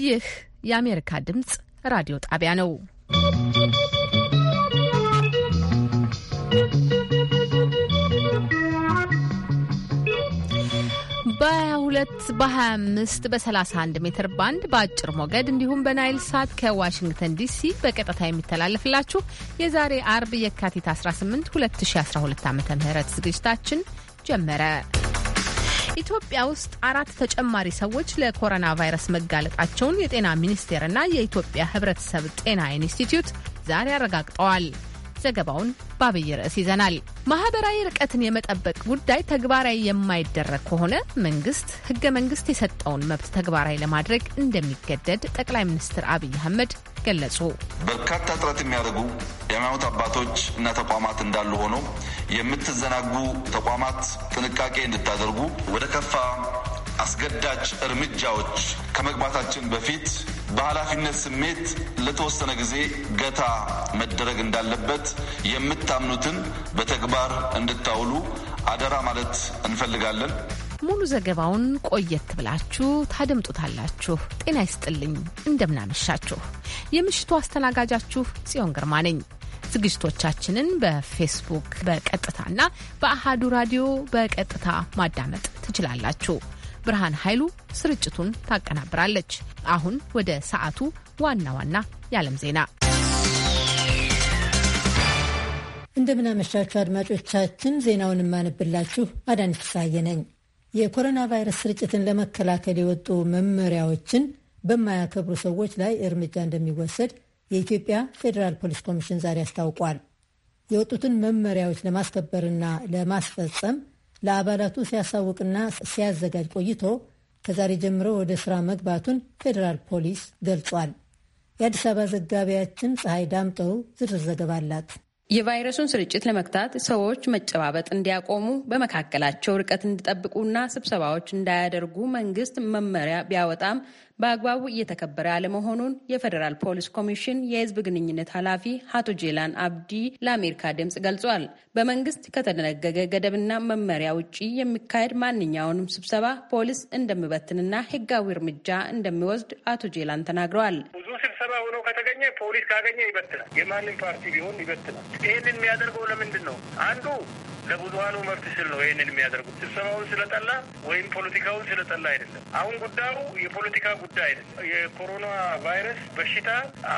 ይህ የአሜሪካ ድምጽ ራዲዮ ጣቢያ ነው። በ22 በ25 በ31 ሜትር ባንድ በአጭር ሞገድ እንዲሁም በናይል ሳት ከዋሽንግተን ዲሲ በቀጥታ የሚተላለፍላችሁ የዛሬ አርብ የካቲት 18 2012 ዓ ም ዝግጅታችን ጀመረ። ኢትዮጵያ ውስጥ አራት ተጨማሪ ሰዎች ለኮሮና ቫይረስ መጋለጣቸውን የጤና ሚኒስቴርና የኢትዮጵያ ሕብረተሰብ ጤና ኢንስቲትዩት ዛሬ አረጋግጠዋል። ዘገባውን በአብይ ርዕስ ይዘናል። ማህበራዊ ርቀትን የመጠበቅ ጉዳይ ተግባራዊ የማይደረግ ከሆነ መንግስት ህገ መንግስት የሰጠውን መብት ተግባራዊ ለማድረግ እንደሚገደድ ጠቅላይ ሚኒስትር አብይ አህመድ ገለጹ። በርካታ ጥረት የሚያደርጉ የሃይማኖት አባቶች እና ተቋማት እንዳሉ ሆኖ የምትዘናጉ ተቋማት ጥንቃቄ እንድታደርጉ ወደ ከፋ አስገዳጅ እርምጃዎች ከመግባታችን በፊት በኃላፊነት ስሜት ለተወሰነ ጊዜ ገታ መደረግ እንዳለበት የምታምኑትን በተግባር እንድታውሉ አደራ ማለት እንፈልጋለን። ሙሉ ዘገባውን ቆየት ብላችሁ ታደምጡታላችሁ። ጤና ይስጥልኝ፣ እንደምናመሻችሁ። የምሽቱ አስተናጋጃችሁ ጽዮን ግርማ ነኝ። ዝግጅቶቻችንን በፌስቡክ በቀጥታና በአሃዱ ራዲዮ በቀጥታ ማዳመጥ ትችላላችሁ። ብርሃን ኃይሉ ስርጭቱን ታቀናብራለች። አሁን ወደ ሰዓቱ ዋና ዋና የዓለም ዜና እንደምናመሻችሁ አድማጮቻችን፣ ዜናውን የማነብላችሁ አዳነች ፍስሐዬ ነኝ። የኮሮና ቫይረስ ስርጭትን ለመከላከል የወጡ መመሪያዎችን በማያከብሩ ሰዎች ላይ እርምጃ እንደሚወሰድ የኢትዮጵያ ፌዴራል ፖሊስ ኮሚሽን ዛሬ አስታውቋል። የወጡትን መመሪያዎች ለማስከበርና ለማስፈጸም ለአባላቱ ሲያሳውቅና ሲያዘጋጅ ቆይቶ ከዛሬ ጀምሮ ወደ ሥራ መግባቱን ፌዴራል ፖሊስ ገልጿል። የአዲስ አበባ ዘጋቢያችን ፀሐይ ዳምጠው ዝርዝር ዘገባ አላት። የቫይረሱን ስርጭት ለመግታት ሰዎች መጨባበጥ እንዲያቆሙ፣ በመካከላቸው ርቀት እንዲጠብቁና ስብሰባዎች እንዳያደርጉ መንግስት መመሪያ ቢያወጣም በአግባቡ እየተከበረ አለመሆኑን የፌዴራል ፖሊስ ኮሚሽን የህዝብ ግንኙነት ኃላፊ አቶ ጄላን አብዲ ለአሜሪካ ድምጽ ገልጿል። በመንግስት ከተደነገገ ገደብና መመሪያ ውጭ የሚካሄድ ማንኛውንም ስብሰባ ፖሊስ እንደሚበትንና ህጋዊ እርምጃ እንደሚወስድ አቶ ጄላን ተናግረዋል። ብዙ ስብሰባ ሆኖ ከተገኘ ፖሊስ ካገኘ ይበትናል። የማንም ፓርቲ ቢሆን ይበትናል። ይህንን የሚያደርገው ለምንድን ነው? አንዱ ለብዙሀኑ መብት ስል ነው ይህንን የሚያደርጉት። ስብሰባውን ስለጠላ ወይም ፖለቲካውን ስለጠላ አይደለም። አሁን ጉዳዩ የፖለቲካ ጉዳይ አይደለም። የኮሮና ቫይረስ በሽታ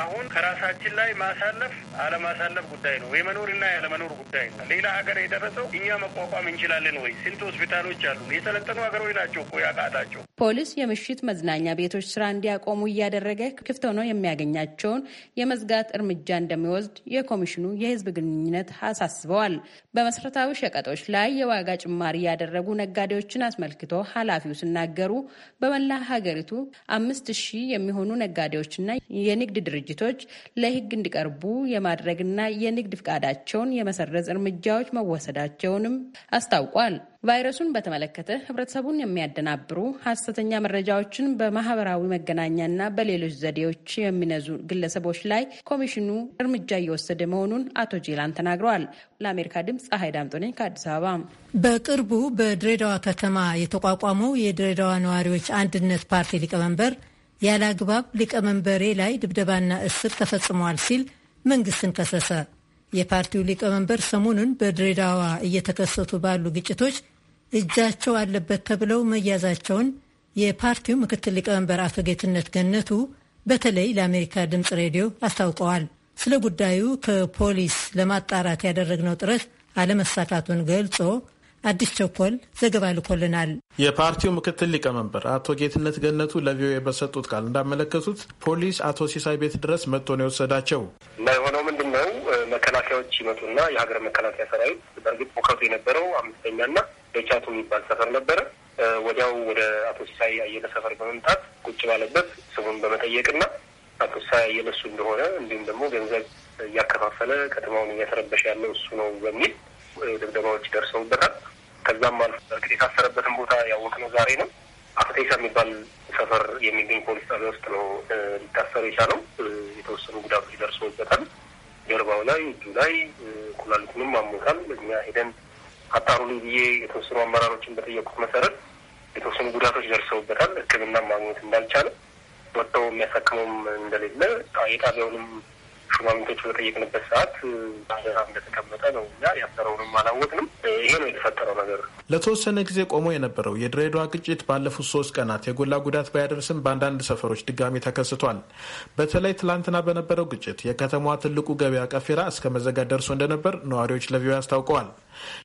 አሁን ከራሳችን ላይ ማሳለፍ አለማሳለፍ ጉዳይ ነው። የመኖርና ያለመኖር ጉዳይ ነው። ሌላ ሀገር የደረሰው እኛ መቋቋም እንችላለን ወይ? ስንት ሆስፒታሎች አሉ? የሰለጠኑ ሀገሮች ናቸው እኮ ያቃጣቸው። ፖሊስ የምሽት መዝናኛ ቤቶች ስራ እንዲያቆሙ እያደረገ ክፍት ሆነው የሚያገኛቸውን የመዝጋት እርምጃ እንደሚወስድ የኮሚሽኑ የህዝብ ግንኙነት አሳስበዋል። በመሰረታዊ ሸቀጦች ላይ የዋጋ ጭማሪ ያደረጉ ነጋዴዎችን አስመልክቶ ኃላፊው ሲናገሩ በመላ ሀገሪቱ አምስት ሺህ የሚሆኑ ነጋዴዎችና የንግድ ድርጅቶች ለሕግ እንዲቀርቡ የማድረግና የንግድ ፍቃዳቸውን የመሰረዝ እርምጃዎች መወሰዳቸውንም አስታውቋል። ቫይረሱን በተመለከተ ህብረተሰቡን የሚያደናብሩ ሀሰተኛ መረጃዎችን በማህበራዊ መገናኛና በሌሎች ዘዴዎች የሚነዙ ግለሰቦች ላይ ኮሚሽኑ እርምጃ እየወሰደ መሆኑን አቶ ጄላን ተናግረዋል። ለአሜሪካ ድምፅ ፀሐይ ዳምጦ ነኝ ከአዲስ አበባ። በቅርቡ በድሬዳዋ ከተማ የተቋቋመው የድሬዳዋ ነዋሪዎች አንድነት ፓርቲ ሊቀመንበር ያለ አግባብ ሊቀመንበሬ ላይ ድብደባና እስር ተፈጽሟል ሲል መንግስትን ከሰሰ። የፓርቲው ሊቀመንበር ሰሞኑን በድሬዳዋ እየተከሰቱ ባሉ ግጭቶች እጃቸው አለበት ተብለው መያዛቸውን የፓርቲው ምክትል ሊቀመንበር አቶ ጌትነት ገነቱ በተለይ ለአሜሪካ ድምፅ ሬዲዮ አስታውቀዋል። ስለ ጉዳዩ ከፖሊስ ለማጣራት ያደረግነው ጥረት አለመሳካቱን ገልጾ አዲስ ቸኮል ዘገባ ልኮልናል። የፓርቲው ምክትል ሊቀመንበር አቶ ጌትነት ገነቱ ለቪኦኤ በሰጡት ቃል እንዳመለከቱት ፖሊስ አቶ ሲሳይ ቤት ድረስ መጥቶ ነው የወሰዳቸው። የሆነው ምንድን ነው? መከላከያዎች ይመጡና የሀገር መከላከያ ሰራዊት በእርግጥ ሙከቱ የነበረው አምስተኛና ቻቱ የሚባል ሰፈር ነበረ። ወዲያው ወደ አቶ ሲሳይ አየለ ሰፈር በመምጣት ቁጭ ባለበት ስሙን በመጠየቅና አቶ ሲሳይ አየለ እሱ እንደሆነ እንዲሁም ደግሞ ገንዘብ እያከፋፈለ ከተማውን እያተረበሸ ያለው እሱ ነው በሚል ድብደባዎች ደርሰውበታል። ከዛም አልፎ የታሰረበትን ቦታ ያወቅነው ዛሬ ነው። አቶ የሚባል ሰፈር የሚገኝ ፖሊስ ጣቢያ ውስጥ ነው ሊታሰሩ የቻለው። የተወሰኑ ጉዳቶች ደርሰውበታል። ጀርባው ላይ፣ እጁ ላይ፣ ኩላሊቱንም አሞታል። እኛ ሄደን አጣሩልኝ ብዬ የተወሰኑ አመራሮችን በጠየቁት መሰረት የተወሰኑ ጉዳቶች ደርሰውበታል። ሕክምና ማግኘት እንዳልቻለ ወጥተው የሚያሳክመውም እንደሌለ የጣቢያውንም ሹማምንቶች በጠየቅንበት ሰዓት ሀገራ እንደተቀመጠ ነው። እኛ ያሰረውንም አላወቅንም። ይሄ ነው የተፈጠረው ነገር። ለተወሰነ ጊዜ ቆሞ የነበረው የድሬዳዋ ግጭት ባለፉት ሶስት ቀናት የጎላ ጉዳት ባያደርስም በአንዳንድ ሰፈሮች ድጋሚ ተከስቷል። በተለይ ትላንትና በነበረው ግጭት የከተማዋ ትልቁ ገበያ ቀፌራ እስከ መዘጋት ደርሶ እንደነበር ነዋሪዎች ለቪኦኤ አስታውቀዋል።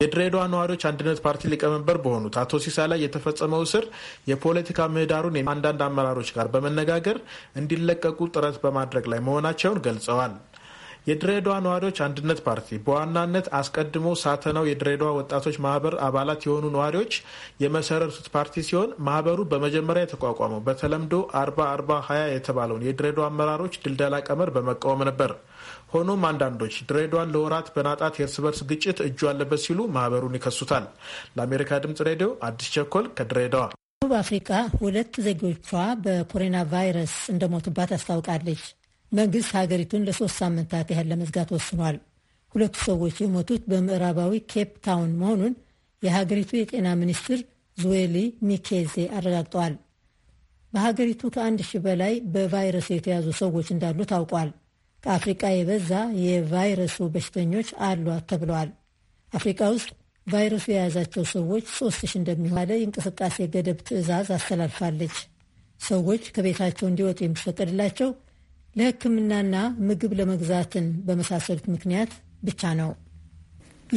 የድሬዳዋ ነዋሪዎች አንድነት ፓርቲ ሊቀመንበር በሆኑት አቶ ሲሳ ላይ የተፈጸመው እስር የፖለቲካ ምህዳሩን አንዳንድ አመራሮች ጋር በመነጋገር እንዲለቀቁ ጥረት በማድረግ ላይ መሆናቸውን ገልጸዋል። የድሬዳዋ ነዋሪዎች አንድነት ፓርቲ በዋናነት አስቀድሞ ሳተናው የድሬዳዋ ወጣቶች ማህበር አባላት የሆኑ ነዋሪዎች የመሰረቱት ፓርቲ ሲሆን ማህበሩ በመጀመሪያ የተቋቋመው በተለምዶ አርባ አርባ ሀያ የተባለውን የድሬዳዋ አመራሮች ድልደላ ቀመር በመቃወም ነበር። ሆኖም አንዳንዶች ድሬዳዋን ለወራት በናጣት የእርስ በርስ ግጭት እጁ አለበት ሲሉ ማህበሩን ይከሱታል። ለአሜሪካ ድምጽ ሬዲዮ አዲስ ቸኮል ከድሬዳዋ። ደቡብ አፍሪካ ሁለት ዜጎቿ በኮሮና ቫይረስ እንደሞቱባት አስታውቃለች። መንግስት ሀገሪቱን ለሶስት ሳምንታት ያህል ለመዝጋት ወስኗል። ሁለቱ ሰዎች የሞቱት በምዕራባዊ ኬፕ ታውን መሆኑን የሀገሪቱ የጤና ሚኒስትር ዙዌሊ ሚኬዜ አረጋግጠዋል። በሀገሪቱ ከአንድ ሺህ በላይ በቫይረሱ የተያዙ ሰዎች እንዳሉ ታውቋል። ከአፍሪቃ የበዛ የቫይረሱ በሽተኞች አሏት ተብለዋል። አፍሪቃ ውስጥ ቫይረሱ የያዛቸው ሰዎች ሶስት ሺህ እንደሚሆን የእንቅስቃሴ ገደብ ትዕዛዝ አስተላልፋለች። ሰዎች ከቤታቸው እንዲወጡ የሚፈቀድላቸው ለሕክምናና ምግብ ለመግዛትን በመሳሰሉት ምክንያት ብቻ ነው።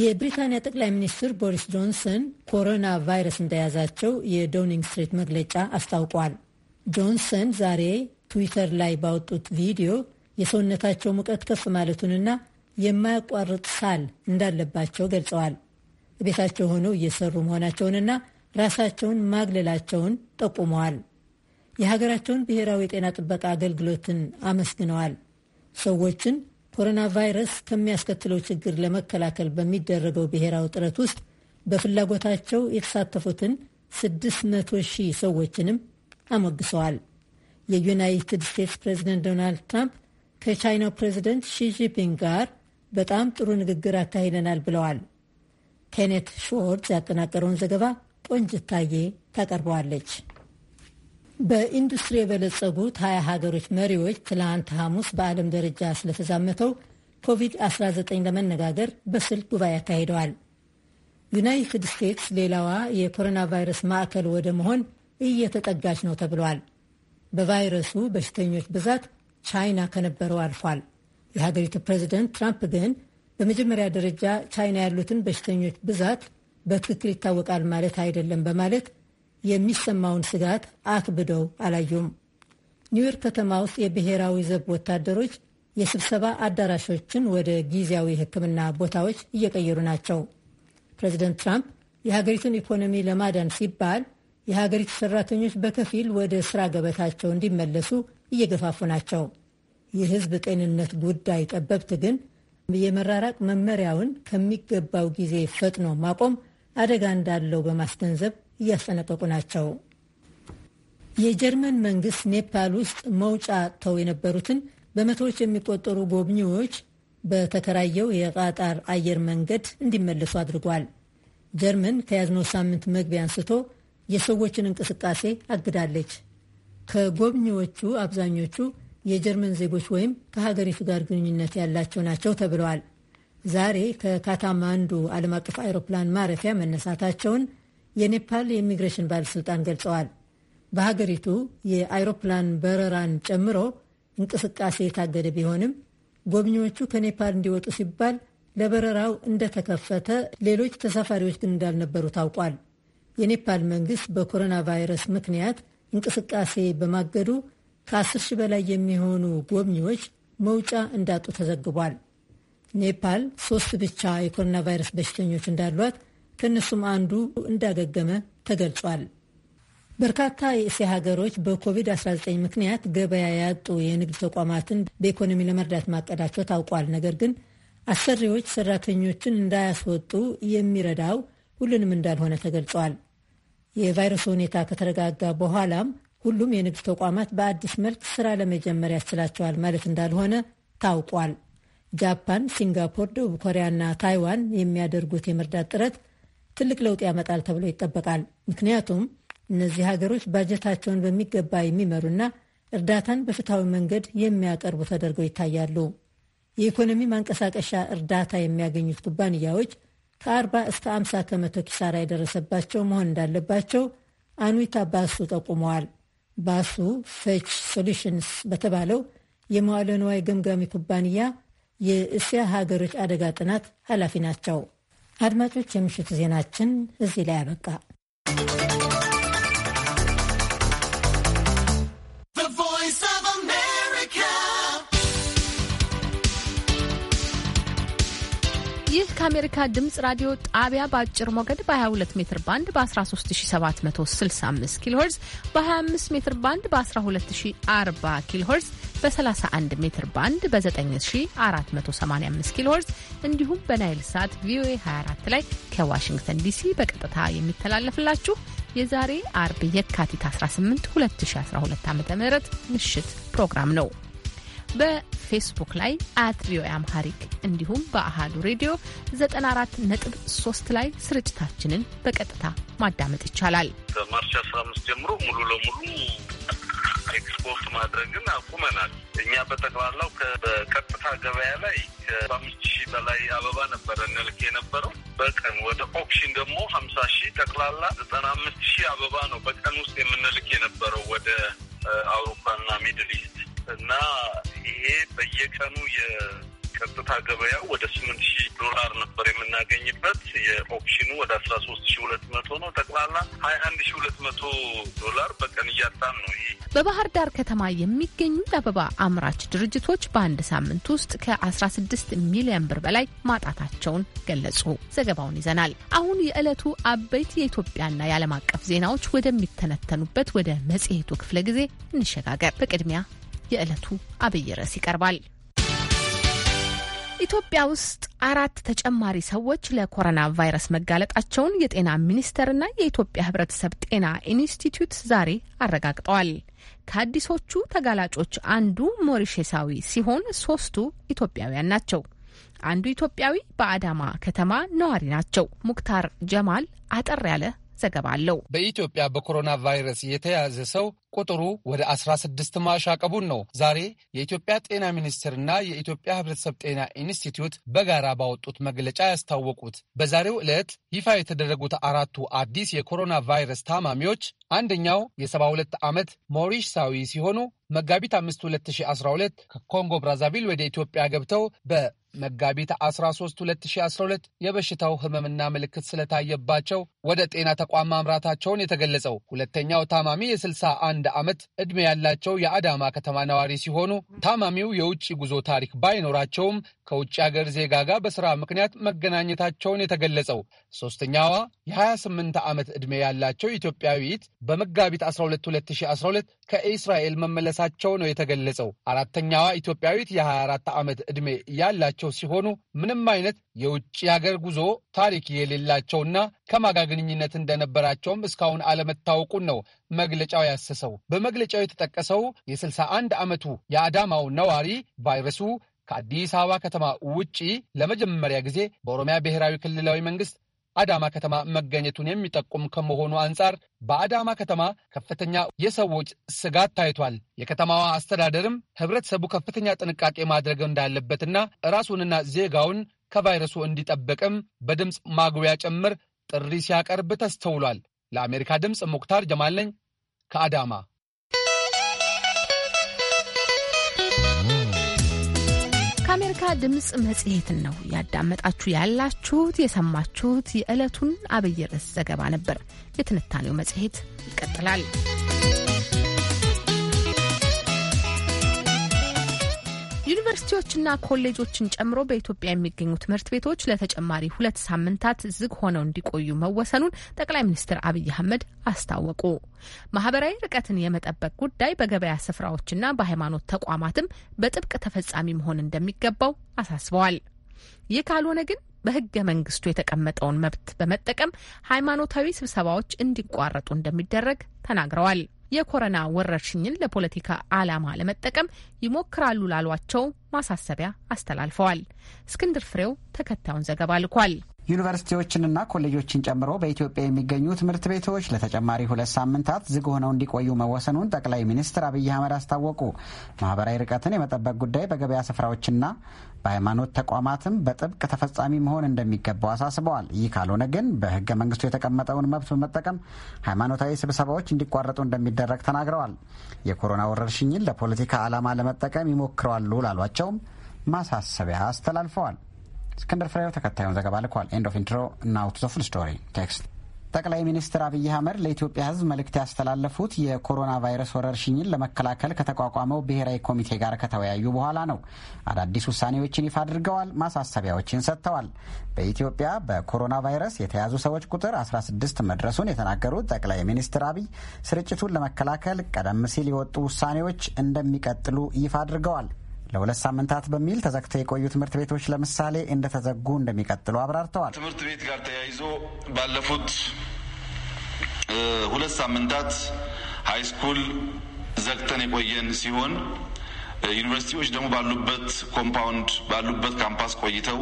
የብሪታንያ ጠቅላይ ሚኒስትር ቦሪስ ጆንሰን ኮሮና ቫይረስ እንደያዛቸው የዶውኒንግ ስትሪት መግለጫ አስታውቋል። ጆንሰን ዛሬ ትዊተር ላይ ባወጡት ቪዲዮ የሰውነታቸው ሙቀት ከፍ ማለቱንና የማያቋርጥ ሳል እንዳለባቸው ገልጸዋል። ቤታቸው ሆነው እየሰሩ መሆናቸውንና ራሳቸውን ማግለላቸውን ጠቁመዋል። የሀገራቸውን ብሔራዊ የጤና ጥበቃ አገልግሎትን አመስግነዋል። ሰዎችን ኮሮና ቫይረስ ከሚያስከትለው ችግር ለመከላከል በሚደረገው ብሔራዊ ጥረት ውስጥ በፍላጎታቸው የተሳተፉትን 600 ሺህ ሰዎችንም አሞግሰዋል። የዩናይትድ ስቴትስ ፕሬዚደንት ዶናልድ ትራምፕ ከቻይናው ፕሬዚደንት ሺጂፒንግ ጋር በጣም ጥሩ ንግግር አካሂደናል ብለዋል። ኬኔት ሾርድ ያጠናቀረውን ዘገባ ቆንጅታዬ ታቀርበዋለች። በኢንዱስትሪ የበለጸጉት ሀያ ሀገሮች መሪዎች ትላንት ሐሙስ በዓለም ደረጃ ስለተዛመተው ኮቪድ-19 ለመነጋገር በስልክ ጉባኤ አካሂደዋል። ዩናይትድ ስቴትስ ሌላዋ የኮሮና ቫይረስ ማዕከል ወደ መሆን እየተጠጋች ነው ተብሏል። በቫይረሱ በሽተኞች ብዛት ቻይና ከነበረው አልፏል። የሀገሪቱ ፕሬዚደንት ትራምፕ ግን በመጀመሪያ ደረጃ ቻይና ያሉትን በሽተኞች ብዛት በትክክል ይታወቃል ማለት አይደለም በማለት የሚሰማውን ስጋት አክብደው አላዩም። ኒውዮርክ ከተማ ውስጥ የብሔራዊ ዘብ ወታደሮች የስብሰባ አዳራሾችን ወደ ጊዜያዊ ሕክምና ቦታዎች እየቀየሩ ናቸው። ፕሬዚደንት ትራምፕ የሀገሪቱን ኢኮኖሚ ለማዳን ሲባል የሀገሪቱ ሰራተኞች በከፊል ወደ ስራ ገበታቸው እንዲመለሱ እየገፋፉ ናቸው። የህዝብ ጤንነት ጉዳይ ጠበብት ግን የመራራቅ መመሪያውን ከሚገባው ጊዜ ፈጥኖ ማቆም አደጋ እንዳለው በማስገንዘብ እያስጠነቀቁ ናቸው። የጀርመን መንግስት ኔፓል ውስጥ መውጫ አጥተው የነበሩትን በመቶዎች የሚቆጠሩ ጎብኚዎች በተከራየው የቃጣር አየር መንገድ እንዲመለሱ አድርጓል። ጀርመን ከያዝነው ሳምንት መግቢያ አንስቶ የሰዎችን እንቅስቃሴ አግዳለች። ከጎብኚዎቹ አብዛኞቹ የጀርመን ዜጎች ወይም ከሀገሪቱ ጋር ግንኙነት ያላቸው ናቸው ተብለዋል። ዛሬ አንዱ ዓለም አቀፍ አውሮፕላን ማረፊያ መነሳታቸውን የኔፓል የኢሚግሬሽን ባለሥልጣን ገልጸዋል። በሀገሪቱ የአይሮፕላን በረራን ጨምሮ እንቅስቃሴ የታገደ ቢሆንም ጎብኚዎቹ ከኔፓል እንዲወጡ ሲባል ለበረራው እንደተከፈተ፣ ሌሎች ተሳፋሪዎች ግን እንዳልነበሩ ታውቋል። የኔፓል መንግስት በኮሮና ቫይረስ ምክንያት እንቅስቃሴ በማገዱ ከ10 ሺህ በላይ የሚሆኑ ጎብኚዎች መውጫ እንዳጡ ተዘግቧል። ኔፓል ሶስት ብቻ የኮሮና ቫይረስ በሽተኞች እንዳሏት ከእነሱም አንዱ እንዳገገመ ተገልጿል። በርካታ የእስያ ሀገሮች በኮቪድ-19 ምክንያት ገበያ ያጡ የንግድ ተቋማትን በኢኮኖሚ ለመርዳት ማቀዳቸው ታውቋል። ነገር ግን አሰሪዎች ሰራተኞችን እንዳያስወጡ የሚረዳው ሁሉንም እንዳልሆነ ተገልጿል። የቫይረሱ ሁኔታ ከተረጋጋ በኋላም ሁሉም የንግድ ተቋማት በአዲስ መልክ ስራ ለመጀመር ያስችላቸዋል ማለት እንዳልሆነ ታውቋል። ጃፓን፣ ሲንጋፖር፣ ደቡብ ኮሪያና ታይዋን የሚያደርጉት የመርዳት ጥረት ትልቅ ለውጥ ያመጣል ተብሎ ይጠበቃል። ምክንያቱም እነዚህ ሀገሮች ባጀታቸውን በሚገባ የሚመሩና እርዳታን በፍትሐዊ መንገድ የሚያቀርቡ ተደርገው ይታያሉ። የኢኮኖሚ ማንቀሳቀሻ እርዳታ የሚያገኙት ኩባንያዎች ከ40 እስከ 50 ከመቶ ኪሳራ የደረሰባቸው መሆን እንዳለባቸው አንዊታ ባሱ ጠቁመዋል። ባሱ ፌች ሶሉሽንስ በተባለው የመዋለ ንዋይ ገምጋሚ ኩባንያ የእስያ ሀገሮች አደጋ ጥናት ኃላፊ ናቸው። አድማጮች፣ የምሽቱ ዜናችን እዚህ ላይ አበቃ። ከአሜሪካ ድምፅ ራዲዮ ጣቢያ በአጭር ሞገድ በ22 ሜትር ባንድ በ13765 ኪሎ ሄርዝ በ25 ሜትር ባንድ በ1240 ኪሎ ሄርዝ በ31 ሜትር ባንድ በ9485 ኪሎ ሄርዝ እንዲሁም በናይል ሳት ቪኦኤ 24 ላይ ከዋሽንግተን ዲሲ በቀጥታ የሚተላለፍላችሁ የዛሬ አርብ የካቲት 18 2012 ዓ ም ምሽት ፕሮግራም ነው። በፌስቡክ ላይ አት ቪኦኤ አምሃሪክ እንዲሁም በአሃዱ ሬዲዮ 94.3 ላይ ስርጭታችንን በቀጥታ ማዳመጥ ይቻላል። ከማርች 15 ጀምሮ ሙሉ ለሙሉ ኤክስፖርት ማድረግን አቁመናል። እኛ በጠቅላላው በቀጥታ ገበያ ላይ ከአምስት ሺህ በላይ አበባ ነበረ እንልክ የነበረው በቀን ወደ ኦክሽን ደግሞ ሀምሳ ሺህ ጠቅላላ ዘጠና አምስት ሺህ አበባ ነው በቀን ውስጥ የምንልክ የነበረው ወደ አውሮፓና ሚድል ኢስት እና ይሄ በየቀኑ የቀጥታ ገበያው ወደ ስምንት ሺህ ዶላር ነበር የምናገኝበት። የኦፕሽኑ ወደ አስራ ሶስት ሺህ ሁለት መቶ ነው። ጠቅላላ ሀያ አንድ ሺህ ሁለት መቶ ዶላር በቀን እያጣን ነው። ይሄ በባህር ዳር ከተማ የሚገኙ የአበባ አምራች ድርጅቶች በአንድ ሳምንት ውስጥ ከአስራ ስድስት ሚሊዮን ብር በላይ ማጣታቸውን ገለጹ። ዘገባውን ይዘናል። አሁን የዕለቱ አበይት የኢትዮጵያና የዓለም አቀፍ ዜናዎች ወደሚተነተኑበት ወደ መጽሔቱ ክፍለ ጊዜ እንሸጋገር። በቅድሚያ የዕለቱ አብይ ርዕስ ይቀርባል። ኢትዮጵያ ውስጥ አራት ተጨማሪ ሰዎች ለኮሮና ቫይረስ መጋለጣቸውን የጤና ሚኒስቴርና የኢትዮጵያ ሕብረተሰብ ጤና ኢንስቲትዩት ዛሬ አረጋግጠዋል። ከአዲሶቹ ተጋላጮች አንዱ ሞሪሼሳዊ ሲሆን ሶስቱ ኢትዮጵያውያን ናቸው። አንዱ ኢትዮጵያዊ በአዳማ ከተማ ነዋሪ ናቸው። ሙክታር ጀማል አጠር ያለ ዘገባ አለው። በኢትዮጵያ በኮሮና ቫይረስ የተያዘ ሰው ቁጥሩ ወደ 16 ማሻቀቡን ነው ዛሬ የኢትዮጵያ ጤና ሚኒስቴርና የኢትዮጵያ ሕብረተሰብ ጤና ኢንስቲትዩት በጋራ ባወጡት መግለጫ ያስታወቁት። በዛሬው ዕለት ይፋ የተደረጉት አራቱ አዲስ የኮሮና ቫይረስ ታማሚዎች አንደኛው የ72 ዓመት ሞሪሻዊ ሲሆኑ መጋቢት 5 2012 ከኮንጎ ብራዛቪል ወደ ኢትዮጵያ ገብተው በመጋቢት 13 2012 የበሽታው ህመምና ምልክት ስለታየባቸው ወደ ጤና ተቋም ማምራታቸውን የተገለጸው ሁለተኛው ታማሚ የ61 31 ዓመት ዕድሜ ያላቸው የአዳማ ከተማ ነዋሪ ሲሆኑ ታማሚው የውጭ ጉዞ ታሪክ ባይኖራቸውም ከውጭ ሀገር ዜጋ ጋር በሥራ ምክንያት መገናኘታቸውን የተገለጸው ሦስተኛዋ የ28 ዓመት ዕድሜ ያላቸው ኢትዮጵያዊት በመጋቢት 12 2012 ከእስራኤል መመለሳቸው ነው የተገለጸው። አራተኛዋ ኢትዮጵያዊት የ24 ዓመት ዕድሜ ያላቸው ሲሆኑ ምንም አይነት የውጭ ሀገር ጉዞ ታሪክ የሌላቸውና ከማጋ ግንኙነት እንደነበራቸውም እስካሁን አለመታወቁን ነው መግለጫው ያሰሰው። በመግለጫው የተጠቀሰው የ61 ዓመቱ የአዳማው ነዋሪ ቫይረሱ ከአዲስ አበባ ከተማ ውጪ ለመጀመሪያ ጊዜ በኦሮሚያ ብሔራዊ ክልላዊ መንግስት አዳማ ከተማ መገኘቱን የሚጠቁም ከመሆኑ አንጻር በአዳማ ከተማ ከፍተኛ የሰዎች ስጋት ታይቷል። የከተማዋ አስተዳደርም ህብረተሰቡ ከፍተኛ ጥንቃቄ ማድረግ እንዳለበትና ራሱንና ዜጋውን ከቫይረሱ እንዲጠብቅም በድምፅ ማጉያ ጭምር ጥሪ ሲያቀርብ ተስተውሏል። ለአሜሪካ ድምፅ ሙክታር ጀማል ነኝ ከአዳማ ከአሜሪካ ድምፅ መጽሔትን ነው ያዳመጣችሁ ያላችሁት። የሰማችሁት የዕለቱን አብይ ርዕስ ዘገባ ነበር። የትንታኔው መጽሔት ይቀጥላል። ዩኒቨርሲቲዎችና ኮሌጆችን ጨምሮ በኢትዮጵያ የሚገኙ ትምህርት ቤቶች ለተጨማሪ ሁለት ሳምንታት ዝግ ሆነው እንዲቆዩ መወሰኑን ጠቅላይ ሚኒስትር አብይ አህመድ አስታወቁ። ማህበራዊ ርቀትን የመጠበቅ ጉዳይ በገበያ ስፍራዎችና በሃይማኖት ተቋማትም በጥብቅ ተፈጻሚ መሆን እንደሚገባው አሳስበዋል። ይህ ካልሆነ ግን በህገ መንግስቱ የተቀመጠውን መብት በመጠቀም ሃይማኖታዊ ስብሰባዎች እንዲቋረጡ እንደሚደረግ ተናግረዋል። የኮረና ወረርሽኝን ለፖለቲካ ዓላማ ለመጠቀም ይሞክራሉ ላሏቸው ማሳሰቢያ አስተላልፈዋል። እስክንድር ፍሬው ተከታዩን ዘገባ ልኳል። ዩኒቨርሲቲዎችንና ኮሌጆችን ጨምሮ በኢትዮጵያ የሚገኙ ትምህርት ቤቶች ለተጨማሪ ሁለት ሳምንታት ዝግ ሆነው እንዲቆዩ መወሰኑን ጠቅላይ ሚኒስትር አብይ አህመድ አስታወቁ። ማህበራዊ ርቀትን የመጠበቅ ጉዳይ በገበያ ስፍራዎችና በሃይማኖት ተቋማትም በጥብቅ ተፈጻሚ መሆን እንደሚገባው አሳስበዋል። ይህ ካልሆነ ግን በህገ መንግስቱ የተቀመጠውን መብት በመጠቀም ሃይማኖታዊ ስብሰባዎች እንዲቋረጡ እንደሚደረግ ተናግረዋል። የኮሮና ወረርሽኝን ለፖለቲካ ዓላማ ለመጠቀም ይሞክረዋሉ ላሏቸው መሆናቸውም ማሳሰቢያ አስተላልፈዋል። እስክንድር ፍሬው ተከታዩን ዘገባ ልኳል። ኤንድ ኦፍ ኢንትሮ ናው ቱ ዘ ፉል ስቶሪ ቴክስት። ጠቅላይ ሚኒስትር አብይ አህመድ ለኢትዮጵያ ሕዝብ መልእክት ያስተላለፉት የኮሮና ቫይረስ ወረርሽኝን ለመከላከል ከተቋቋመው ብሔራዊ ኮሚቴ ጋር ከተወያዩ በኋላ ነው። አዳዲስ ውሳኔዎችን ይፋ አድርገዋል። ማሳሰቢያዎችን ሰጥተዋል። በኢትዮጵያ በኮሮና ቫይረስ የተያዙ ሰዎች ቁጥር 16 መድረሱን የተናገሩት ጠቅላይ ሚኒስትር አብይ ስርጭቱን ለመከላከል ቀደም ሲል የወጡ ውሳኔዎች እንደሚቀጥሉ ይፋ አድርገዋል። ለሁለት ሳምንታት በሚል ተዘግተው የቆዩ ትምህርት ቤቶች ለምሳሌ እንደተዘጉ እንደሚቀጥሉ አብራርተዋል። ትምህርት ቤት ጋር ተያይዞ ባለፉት ሁለት ሳምንታት ሃይስኩል ዘግተን የቆየን ሲሆን ዩኒቨርሲቲዎች ደግሞ ባሉበት ኮምፓውንድ ባሉበት ካምፓስ ቆይተው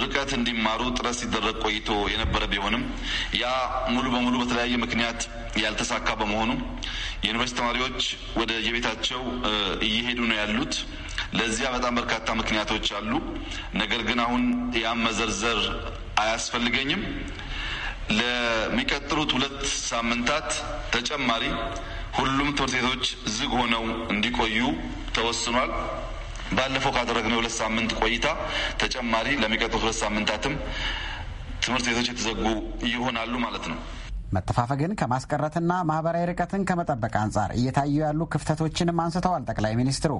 ርቀት እንዲማሩ ጥረት ሲደረግ ቆይቶ የነበረ ቢሆንም ያ ሙሉ በሙሉ በተለያየ ምክንያት ያልተሳካ በመሆኑ የዩኒቨርስቲ ተማሪዎች ወደ የቤታቸው እየሄዱ ነው ያሉት። ለዚያ በጣም በርካታ ምክንያቶች አሉ። ነገር ግን አሁን ያም መዘርዘር አያስፈልገኝም። ለሚቀጥሉት ሁለት ሳምንታት ተጨማሪ ሁሉም ትምህርት ቤቶች ዝግ ሆነው እንዲቆዩ ተወስኗል። ባለፈው ካደረግነው የሁለት ሳምንት ቆይታ ተጨማሪ ለሚቀጥሉት ሁለት ሳምንታትም ትምህርት ቤቶች የተዘጉ ይሆናሉ ማለት ነው። መተፋፈግን ከማስቀረትና ማህበራዊ ርቀትን ከመጠበቅ አንጻር እየታዩ ያሉ ክፍተቶችንም አንስተዋል ጠቅላይ ሚኒስትሩ።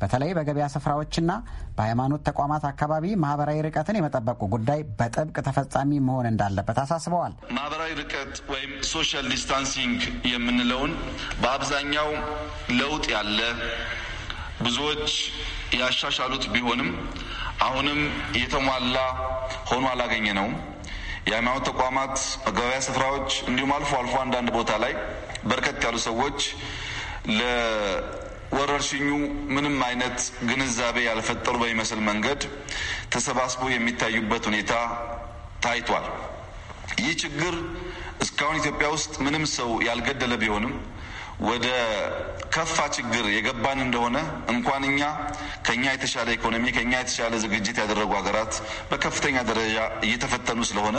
በተለይ በገበያ ስፍራዎችና በሃይማኖት ተቋማት አካባቢ ማህበራዊ ርቀትን የመጠበቁ ጉዳይ በጥብቅ ተፈጻሚ መሆን እንዳለበት አሳስበዋል። ማህበራዊ ርቀት ወይም ሶሻል ዲስታንሲንግ የምንለውን በአብዛኛው ለውጥ ያለ ብዙዎች ያሻሻሉት ቢሆንም አሁንም የተሟላ ሆኖ አላገኘ ነውም። የሃይማኖት ተቋማት፣ መገበያ ስፍራዎች እንዲሁም አልፎ አልፎ አንዳንድ ቦታ ላይ በርከት ያሉ ሰዎች ለወረርሽኙ ምንም አይነት ግንዛቤ ያልፈጠሩ በሚመስል መንገድ ተሰባስበው የሚታዩበት ሁኔታ ታይቷል። ይህ ችግር እስካሁን ኢትዮጵያ ውስጥ ምንም ሰው ያልገደለ ቢሆንም ወደ ከፋ ችግር የገባን እንደሆነ እንኳን እኛ ከኛ የተሻለ ኢኮኖሚ ከኛ የተሻለ ዝግጅት ያደረጉ ሀገራት በከፍተኛ ደረጃ እየተፈተኑ ስለሆነ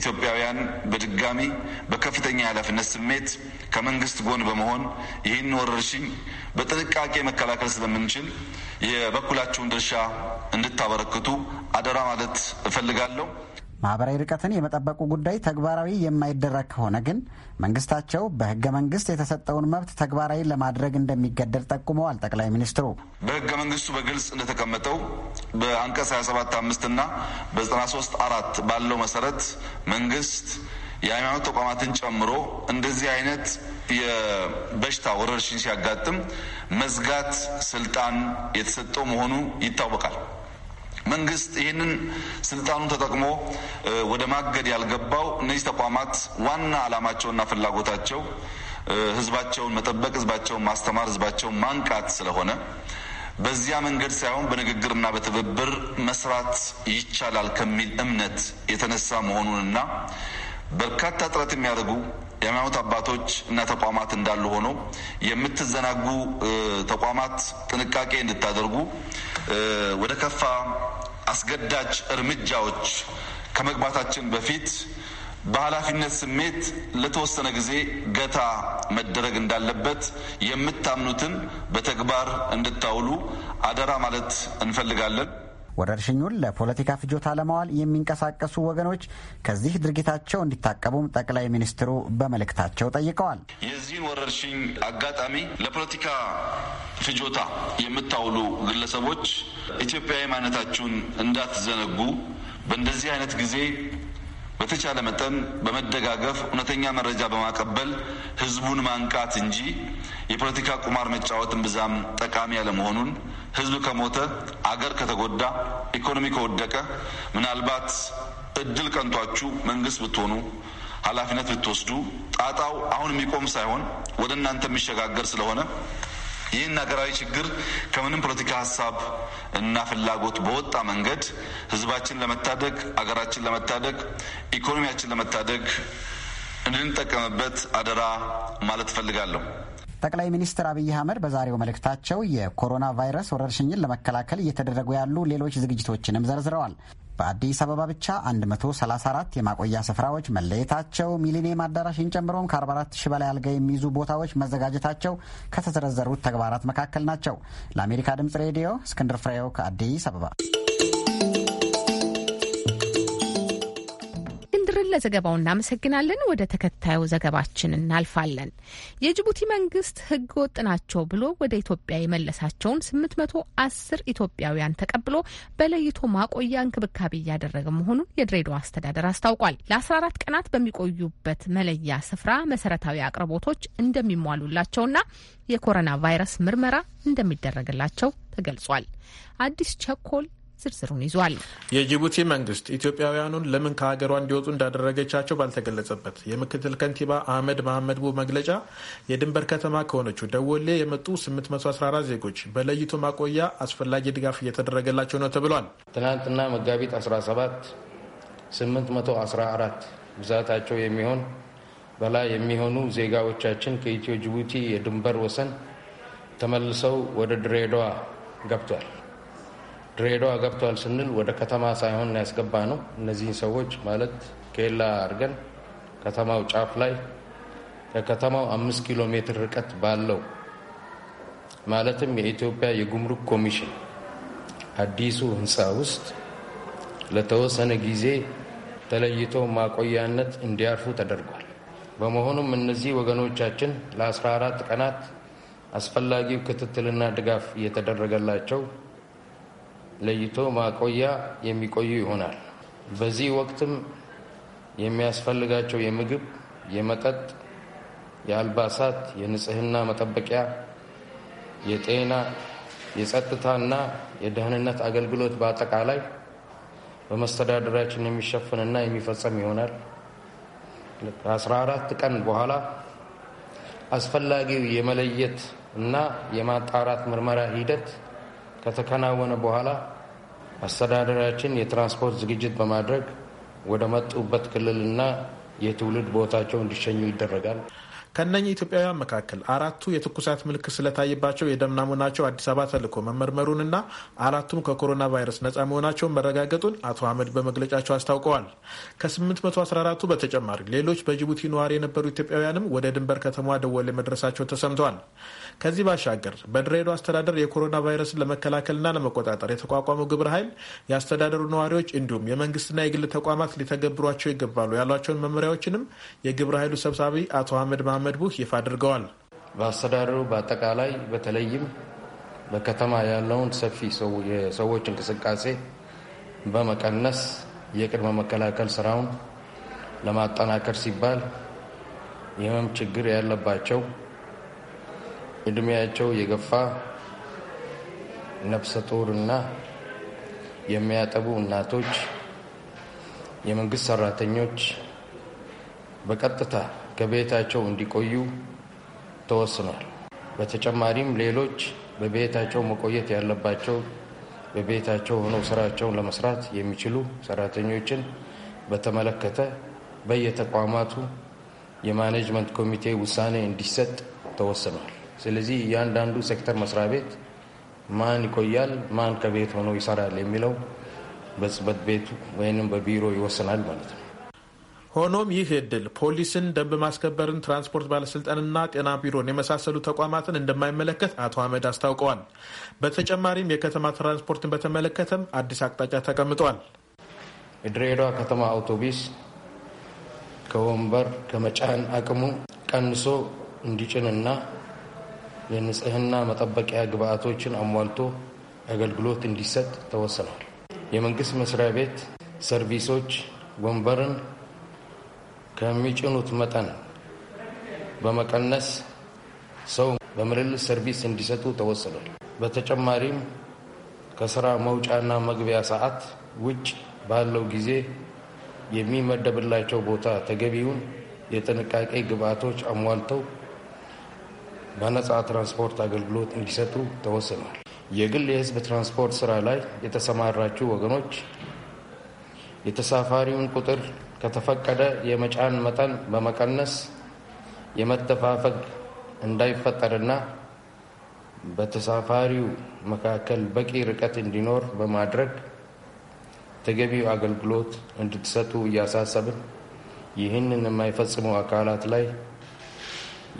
ኢትዮጵያውያን በድጋሚ በከፍተኛ የኃላፊነት ስሜት ከመንግስት ጎን በመሆን ይህን ወረርሽኝ በጥንቃቄ መከላከል ስለምንችል የበኩላችሁን ድርሻ እንድታበረክቱ አደራ ማለት እፈልጋለሁ። ማህበራዊ ርቀትን የመጠበቁ ጉዳይ ተግባራዊ የማይደረግ ከሆነ ግን መንግስታቸው በህገ መንግስት የተሰጠውን መብት ተግባራዊ ለማድረግ እንደሚገደል ጠቁመዋል። ጠቅላይ ሚኒስትሩ በህገ መንግስቱ በግልጽ እንደተቀመጠው በአንቀጽ 27 አምስት እና በ93 አራት ባለው መሰረት መንግስት የሃይማኖት ተቋማትን ጨምሮ እንደዚህ አይነት የበሽታ ወረርሽኝ ሲያጋጥም መዝጋት ስልጣን የተሰጠው መሆኑ ይታወቃል። መንግስት ይህንን ስልጣኑን ተጠቅሞ ወደ ማገድ ያልገባው እነዚህ ተቋማት ዋና አላማቸውና ፍላጎታቸው ህዝባቸውን መጠበቅ፣ ህዝባቸውን ማስተማር፣ ህዝባቸውን ማንቃት ስለሆነ በዚያ መንገድ ሳይሆን በንግግርና በትብብር መስራት ይቻላል ከሚል እምነት የተነሳ መሆኑንና በርካታ ጥረት የሚያደርጉ የሃይማኖት አባቶች እና ተቋማት እንዳሉ ሆኖ የምትዘናጉ ተቋማት ጥንቃቄ እንድታደርጉ ወደ ከፋ አስገዳጅ እርምጃዎች ከመግባታችን በፊት በኃላፊነት ስሜት ለተወሰነ ጊዜ ገታ መደረግ እንዳለበት የምታምኑትን በተግባር እንድታውሉ አደራ ማለት እንፈልጋለን። ወረርሽኙን ለፖለቲካ ፍጆታ ለማዋል የሚንቀሳቀሱ ወገኖች ከዚህ ድርጊታቸው እንዲታቀቡም ጠቅላይ ሚኒስትሩ በመልእክታቸው ጠይቀዋል። የዚህን ወረርሽኝ አጋጣሚ ለፖለቲካ ፍጆታ የምታውሉ ግለሰቦች ኢትዮጵያዊ ማንነታችሁን እንዳትዘነጉ በእንደዚህ አይነት ጊዜ በተቻለ መጠን በመደጋገፍ እውነተኛ መረጃ በማቀበል ህዝቡን ማንቃት እንጂ የፖለቲካ ቁማር መጫወትን ብዛም ጠቃሚ ያለመሆኑን ህዝብ ከሞተ፣ አገር ከተጎዳ፣ ኢኮኖሚ ከወደቀ ምናልባት እድል ቀንቷችሁ መንግስት ብትሆኑ ኃላፊነት ብትወስዱ ጣጣው አሁን የሚቆም ሳይሆን ወደ እናንተ የሚሸጋገር ስለሆነ ይህን ሀገራዊ ችግር ከምንም ፖለቲካ ሀሳብ እና ፍላጎት በወጣ መንገድ ህዝባችን ለመታደግ አገራችን ለመታደግ ኢኮኖሚያችን ለመታደግ እንድንጠቀምበት አደራ ማለት እፈልጋለሁ። ጠቅላይ ሚኒስትር አብይ አህመድ በዛሬው መልእክታቸው የኮሮና ቫይረስ ወረርሽኝን ለመከላከል እየተደረጉ ያሉ ሌሎች ዝግጅቶችንም ዘርዝረዋል። በአዲስ አበባ ብቻ 134 የማቆያ ስፍራዎች መለየታቸው፣ ሚሊኒየም አዳራሽን ጨምሮም ከ44 ሺ በላይ አልጋ የሚይዙ ቦታዎች መዘጋጀታቸው ከተዘረዘሩት ተግባራት መካከል ናቸው። ለአሜሪካ ድምጽ ሬዲዮ እስክንድር ፍሬው ከአዲስ አበባ ለዘገባው እናመሰግናለን። ወደ ተከታዩ ዘገባችን እናልፋለን። የጅቡቲ መንግስት ህገ ወጥ ናቸው ብሎ ወደ ኢትዮጵያ የመለሳቸውን 810 ኢትዮጵያውያን ተቀብሎ በለይቶ ማቆያ እንክብካቤ እያደረገ መሆኑን የድሬዳዋ አስተዳደር አስታውቋል። ለ14 ቀናት በሚቆዩበት መለያ ስፍራ መሰረታዊ አቅርቦቶች እንደሚሟሉላቸውና የኮሮና ቫይረስ ምርመራ እንደሚደረግላቸው ተገልጿል። አዲስ ቸኮል ዝርዝሩን ይዟል። የጅቡቲ መንግስት ኢትዮጵያውያኑን ለምን ከሀገሯ እንዲወጡ እንዳደረገቻቸው ባልተገለጸበት የምክትል ከንቲባ አህመድ መሐመድ ቡ መግለጫ የድንበር ከተማ ከሆነችው ደወሌ የመጡ 814 ዜጎች በለይቶ ማቆያ አስፈላጊ ድጋፍ እየተደረገላቸው ነው ተብሏል። ትናንትና መጋቢት 17 814 ብዛታቸው የሚሆን በላይ የሚሆኑ ዜጋዎቻችን ከኢትዮ ጅቡቲ የድንበር ወሰን ተመልሰው ወደ ድሬዳዋ ገብቷል። ድሬዳዋ ገብቷል ስንል ወደ ከተማ ሳይሆን ያስገባ ነው። እነዚህን ሰዎች ማለት ኬላ አድርገን ከተማው ጫፍ ላይ ከከተማው አምስት ኪሎ ሜትር ርቀት ባለው ማለትም የኢትዮጵያ የጉምሩክ ኮሚሽን አዲሱ ህንፃ ውስጥ ለተወሰነ ጊዜ ተለይቶ ማቆያነት እንዲያርፉ ተደርጓል። በመሆኑም እነዚህ ወገኖቻችን ለ14 ቀናት አስፈላጊው ክትትልና ድጋፍ እየተደረገላቸው ለይቶ ማቆያ የሚቆዩ ይሆናል። በዚህ ወቅትም የሚያስፈልጋቸው የምግብ፣ የመጠጥ፣ የአልባሳት፣ የንጽህና መጠበቂያ፣ የጤና፣ የጸጥታና የደህንነት አገልግሎት በአጠቃላይ በመስተዳደራችን የሚሸፍንና የሚፈጸም ይሆናል። ከ14 ቀን በኋላ አስፈላጊው የመለየት እና የማጣራት ምርመራ ሂደት ከተከናወነ በኋላ አስተዳደራችን የትራንስፖርት ዝግጅት በማድረግ ወደ መጡበት ክልልና የትውልድ ቦታቸው እንዲሸኙ ይደረጋል። ከነኝ ኢትዮጵያውያን መካከል አራቱ የትኩሳት ምልክት ስለታየባቸው የደም ናሙናቸው አዲስ አበባ ተልኮ መመርመሩንና አራቱም ከኮሮና ቫይረስ ነፃ መሆናቸውን መረጋገጡን አቶ አህመድ በመግለጫቸው አስታውቀዋል። ከ814ቱ በተጨማሪ ሌሎች በጅቡቲ ነዋሪ የነበሩ ኢትዮጵያውያንም ወደ ድንበር ከተማ ደወሌ መድረሳቸው ተሰምተዋል። ከዚህ ባሻገር በድሬዳዋ አስተዳደር የኮሮና ቫይረስን ለመከላከልና ለመቆጣጠር የተቋቋመው ግብረ ኃይል የአስተዳደሩ ነዋሪዎች እንዲሁም የመንግስትና የግል ተቋማት ሊተገብሯቸው ይገባሉ ያሏቸውን መመሪያዎችንም የግብረ ኃይሉ ሰብሳቢ አቶ አህመድ መሐመድ ቡህ ይፋ አድርገዋል። በአስተዳደሩ በአጠቃላይ በተለይም በከተማ ያለውን ሰፊ የሰዎች እንቅስቃሴ በመቀነስ የቅድመ መከላከል ስራውን ለማጠናከር ሲባል የህመም ችግር ያለባቸው እድሜያቸው የገፋ ነፍሰ ጡርና የሚያጠቡ እናቶች፣ የመንግስት ሰራተኞች በቀጥታ ከቤታቸው እንዲቆዩ ተወስኗል። በተጨማሪም ሌሎች በቤታቸው መቆየት ያለባቸው በቤታቸው ሆነው ስራቸውን ለመስራት የሚችሉ ሰራተኞችን በተመለከተ በየተቋማቱ የማኔጅመንት ኮሚቴ ውሳኔ እንዲሰጥ ተወስኗል። ስለዚህ እያንዳንዱ ሴክተር መስሪያ ቤት ማን ይቆያል፣ ማን ከቤት ሆኖ ይሰራል የሚለው በጽህፈት ቤቱ ወይም በቢሮ ይወሰናል ማለት ነው። ሆኖም ይህ እድል ፖሊስን፣ ደንብ ማስከበርን፣ ትራንስፖርት ባለስልጣንና ጤና ቢሮን የመሳሰሉ ተቋማትን እንደማይመለከት አቶ አህመድ አስታውቀዋል። በተጨማሪም የከተማ ትራንስፖርትን በተመለከተም አዲስ አቅጣጫ ተቀምጧል። የድሬዳዋ ከተማ አውቶቡስ ከወንበር ከመጫን አቅሙ ቀንሶ እንዲጭንና የንጽህና መጠበቂያ ግብአቶችን አሟልቶ አገልግሎት እንዲሰጥ ተወስኗል። የመንግስት መስሪያ ቤት ሰርቪሶች ወንበርን ከሚጭኑት መጠን በመቀነስ ሰው በምልልስ ሰርቪስ እንዲሰጡ ተወስኗል። በተጨማሪም ከስራ መውጫና መግቢያ ሰዓት ውጭ ባለው ጊዜ የሚመደብላቸው ቦታ ተገቢውን የጥንቃቄ ግብአቶች አሟልተው በነፃ ትራንስፖርት አገልግሎት እንዲሰጡ ተወስኗል። የግል የህዝብ ትራንስፖርት ስራ ላይ የተሰማራችሁ ወገኖች የተሳፋሪውን ቁጥር ከተፈቀደ የመጫን መጠን በመቀነስ የመተፋፈግ እንዳይፈጠርና በተሳፋሪው መካከል በቂ ርቀት እንዲኖር በማድረግ ተገቢው አገልግሎት እንድትሰጡ እያሳሰብን ይህንን የማይፈጽሙ አካላት ላይ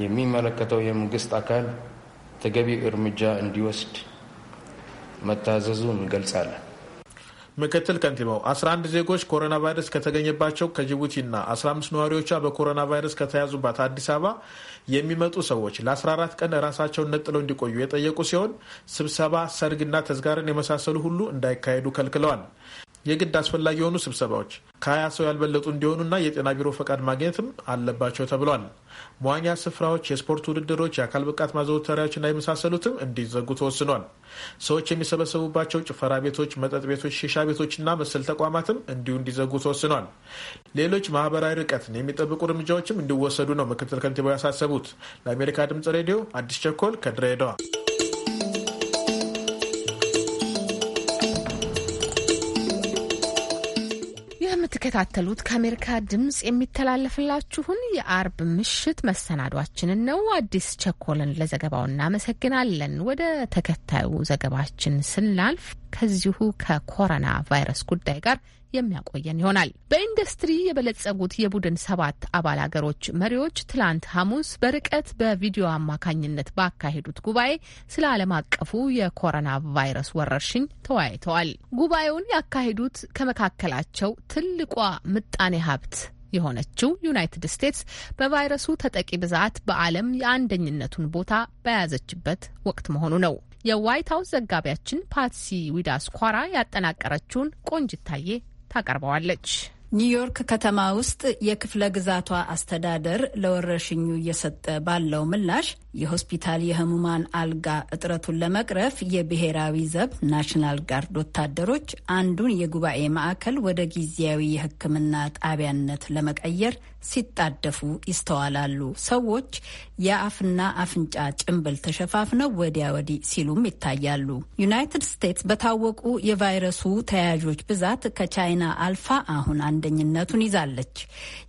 የሚመለከተው የመንግስት አካል ተገቢ እርምጃ እንዲወስድ መታዘዙ እንገልጻለን። ምክትል ከንቲባው 11 ዜጎች ኮሮና ቫይረስ ከተገኘባቸው ከጅቡቲና 15 ነዋሪዎቿ በኮሮና ቫይረስ ከተያዙባት አዲስ አበባ የሚመጡ ሰዎች ለ14 ቀን ራሳቸውን ነጥለው እንዲቆዩ የጠየቁ ሲሆን ስብሰባ፣ ሰርግና ተዝጋርን የመሳሰሉ ሁሉ እንዳይካሄዱ ከልክለዋል። የግድ አስፈላጊ የሆኑ ስብሰባዎች ከሀያ ሰው ያልበለጡ እንዲሆኑና የጤና ቢሮ ፈቃድ ማግኘትም አለባቸው ተብሏል። መዋኛ ስፍራዎች፣ የስፖርት ውድድሮች፣ የአካል ብቃት ማዘውተሪያዎችና የመሳሰሉትም እንዲዘጉ ተወስኗል። ሰዎች የሚሰበሰቡባቸው ጭፈራ ቤቶች፣ መጠጥ ቤቶች፣ ሺሻ ቤቶችና መሰል ተቋማትም እንዲሁ እንዲዘጉ ተወስኗል። ሌሎች ማህበራዊ ርቀትን የሚጠብቁ እርምጃዎችም እንዲወሰዱ ነው ምክትል ከንቲባው ያሳሰቡት። ለአሜሪካ ድምጽ ሬዲዮ አዲስ ቸኮል ከድሬዳዋ የምትከታተሉት ከአሜሪካ ድምፅ የሚተላለፍላችሁን የአርብ ምሽት መሰናዷችንን ነው። አዲስ ቸኮልን ለዘገባው እናመሰግናለን። ወደ ተከታዩ ዘገባችን ስናልፍ ከዚሁ ከኮሮና ቫይረስ ጉዳይ ጋር የሚያቆየን ይሆናል። በኢንዱስትሪ የበለጸጉት የቡድን ሰባት አባል ሀገሮች መሪዎች ትላንት ሐሙስ በርቀት በቪዲዮ አማካኝነት ባካሄዱት ጉባኤ ስለ ዓለም አቀፉ የኮሮና ቫይረስ ወረርሽኝ ተወያይተዋል። ጉባኤውን ያካሄዱት ከመካከላቸው ትልቋ ምጣኔ ሀብት የሆነችው ዩናይትድ ስቴትስ በቫይረሱ ተጠቂ ብዛት በዓለም የአንደኝነቱን ቦታ በያዘችበት ወቅት መሆኑ ነው። የዋይት ሀውስ ዘጋቢያችን ፓትሲ ዊዳስኳራ ያጠናቀረችውን ቆንጅታዬ ታቀርበዋለች። ኒውዮርክ ከተማ ውስጥ የክፍለ ግዛቷ አስተዳደር ለወረርሽኙ እየሰጠ ባለው ምላሽ የሆስፒታል የህሙማን አልጋ እጥረቱን ለመቅረፍ የብሔራዊ ዘብ ናሽናል ጋርድ ወታደሮች አንዱን የጉባኤ ማዕከል ወደ ጊዜያዊ የሕክምና ጣቢያነት ለመቀየር ሲጣደፉ ይስተዋላሉ። ሰዎች የአፍና አፍንጫ ጭንብል ተሸፋፍነው ወዲያ ወዲህ ሲሉም ይታያሉ። ዩናይትድ ስቴትስ በታወቁ የቫይረሱ ተያያዦች ብዛት ከቻይና አልፋ አሁን አንደኝነቱን ይዛለች።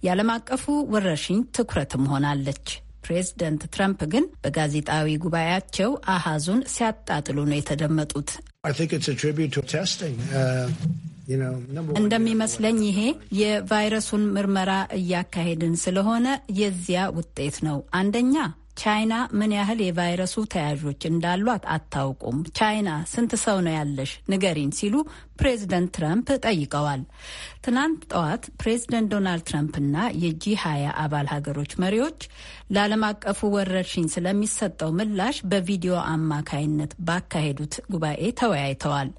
የዓለም አቀፉ ወረርሽኝ ትኩረትም ሆናለች። ፕሬዝደንት ትራምፕ ግን በጋዜጣዊ ጉባኤያቸው አሃዙን ሲያጣጥሉ ነው የተደመጡት። እንደሚመስለኝ ይሄ የቫይረሱን ምርመራ እያካሄድን ስለሆነ የዚያ ውጤት ነው። አንደኛ ቻይና ምን ያህል የቫይረሱ ተያዦች እንዳሏት አታውቁም። ቻይና ስንት ሰው ነው ያለሽ ንገሪን ሲሉ ፕሬዝደንት ትራምፕ ጠይቀዋል። ትናንት ጠዋት ፕሬዝደንት ዶናልድ ትራምፕና የጂ ሀያ አባል ሀገሮች መሪዎች ለዓለም አቀፉ ወረርሽኝ ስለሚሰጠው ምላሽ በቪዲዮ አማካይነት ባካሄዱት ጉባኤ ተወያይተዋል።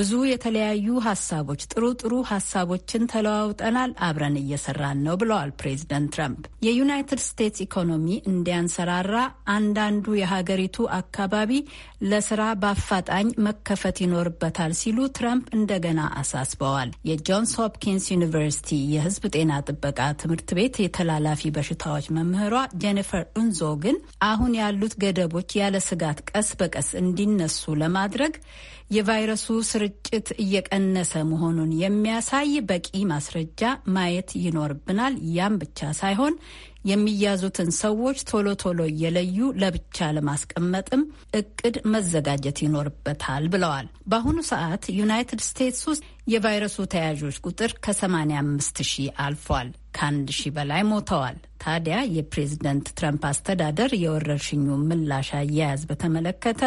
ብዙ የተለያዩ ሀሳቦች፣ ጥሩ ጥሩ ሀሳቦችን ተለዋውጠናል፣ አብረን እየሰራን ነው ብለዋል ፕሬዝደንት ትራምፕ። የዩናይትድ ስቴትስ ኢኮኖሚ እንዲያንሰራራ አንዳንዱ የሀገሪቱ አካባቢ ለስራ በአፋጣኝ መከፈት ይኖርበታል ሲሉ ትራምፕ እንደገና አሳስበዋል። የጆንስ ሆፕኪንስ ዩኒቨርሲቲ የህዝብ ጤና ጥበቃ ትምህርት ቤት የተላላፊ በሽታዎች መምህሯ ጄኒፈር እንዞ ግን አሁን ያሉት ገደቦች ያለ ስጋት ቀስ በቀስ እንዲነሱ ለማድረግ የቫይረሱ ስርጭት እየቀነሰ መሆኑን የሚያሳይ በቂ ማስረጃ ማየት ይኖርብናል። ያም ብቻ ሳይሆን የሚያዙትን ሰዎች ቶሎ ቶሎ እየለዩ ለብቻ ለማስቀመጥም እቅድ መዘጋጀት ይኖርበታል ብለዋል። በአሁኑ ሰዓት ዩናይትድ ስቴትስ ውስጥ የቫይረሱ ተያዦች ቁጥር ከ85 ሺህ አልፏል። ከአንድ ሺህ በላይ ሞተዋል። ታዲያ የፕሬዝደንት ትራምፕ አስተዳደር የወረርሽኙ ምላሽ አያያዝ በተመለከተ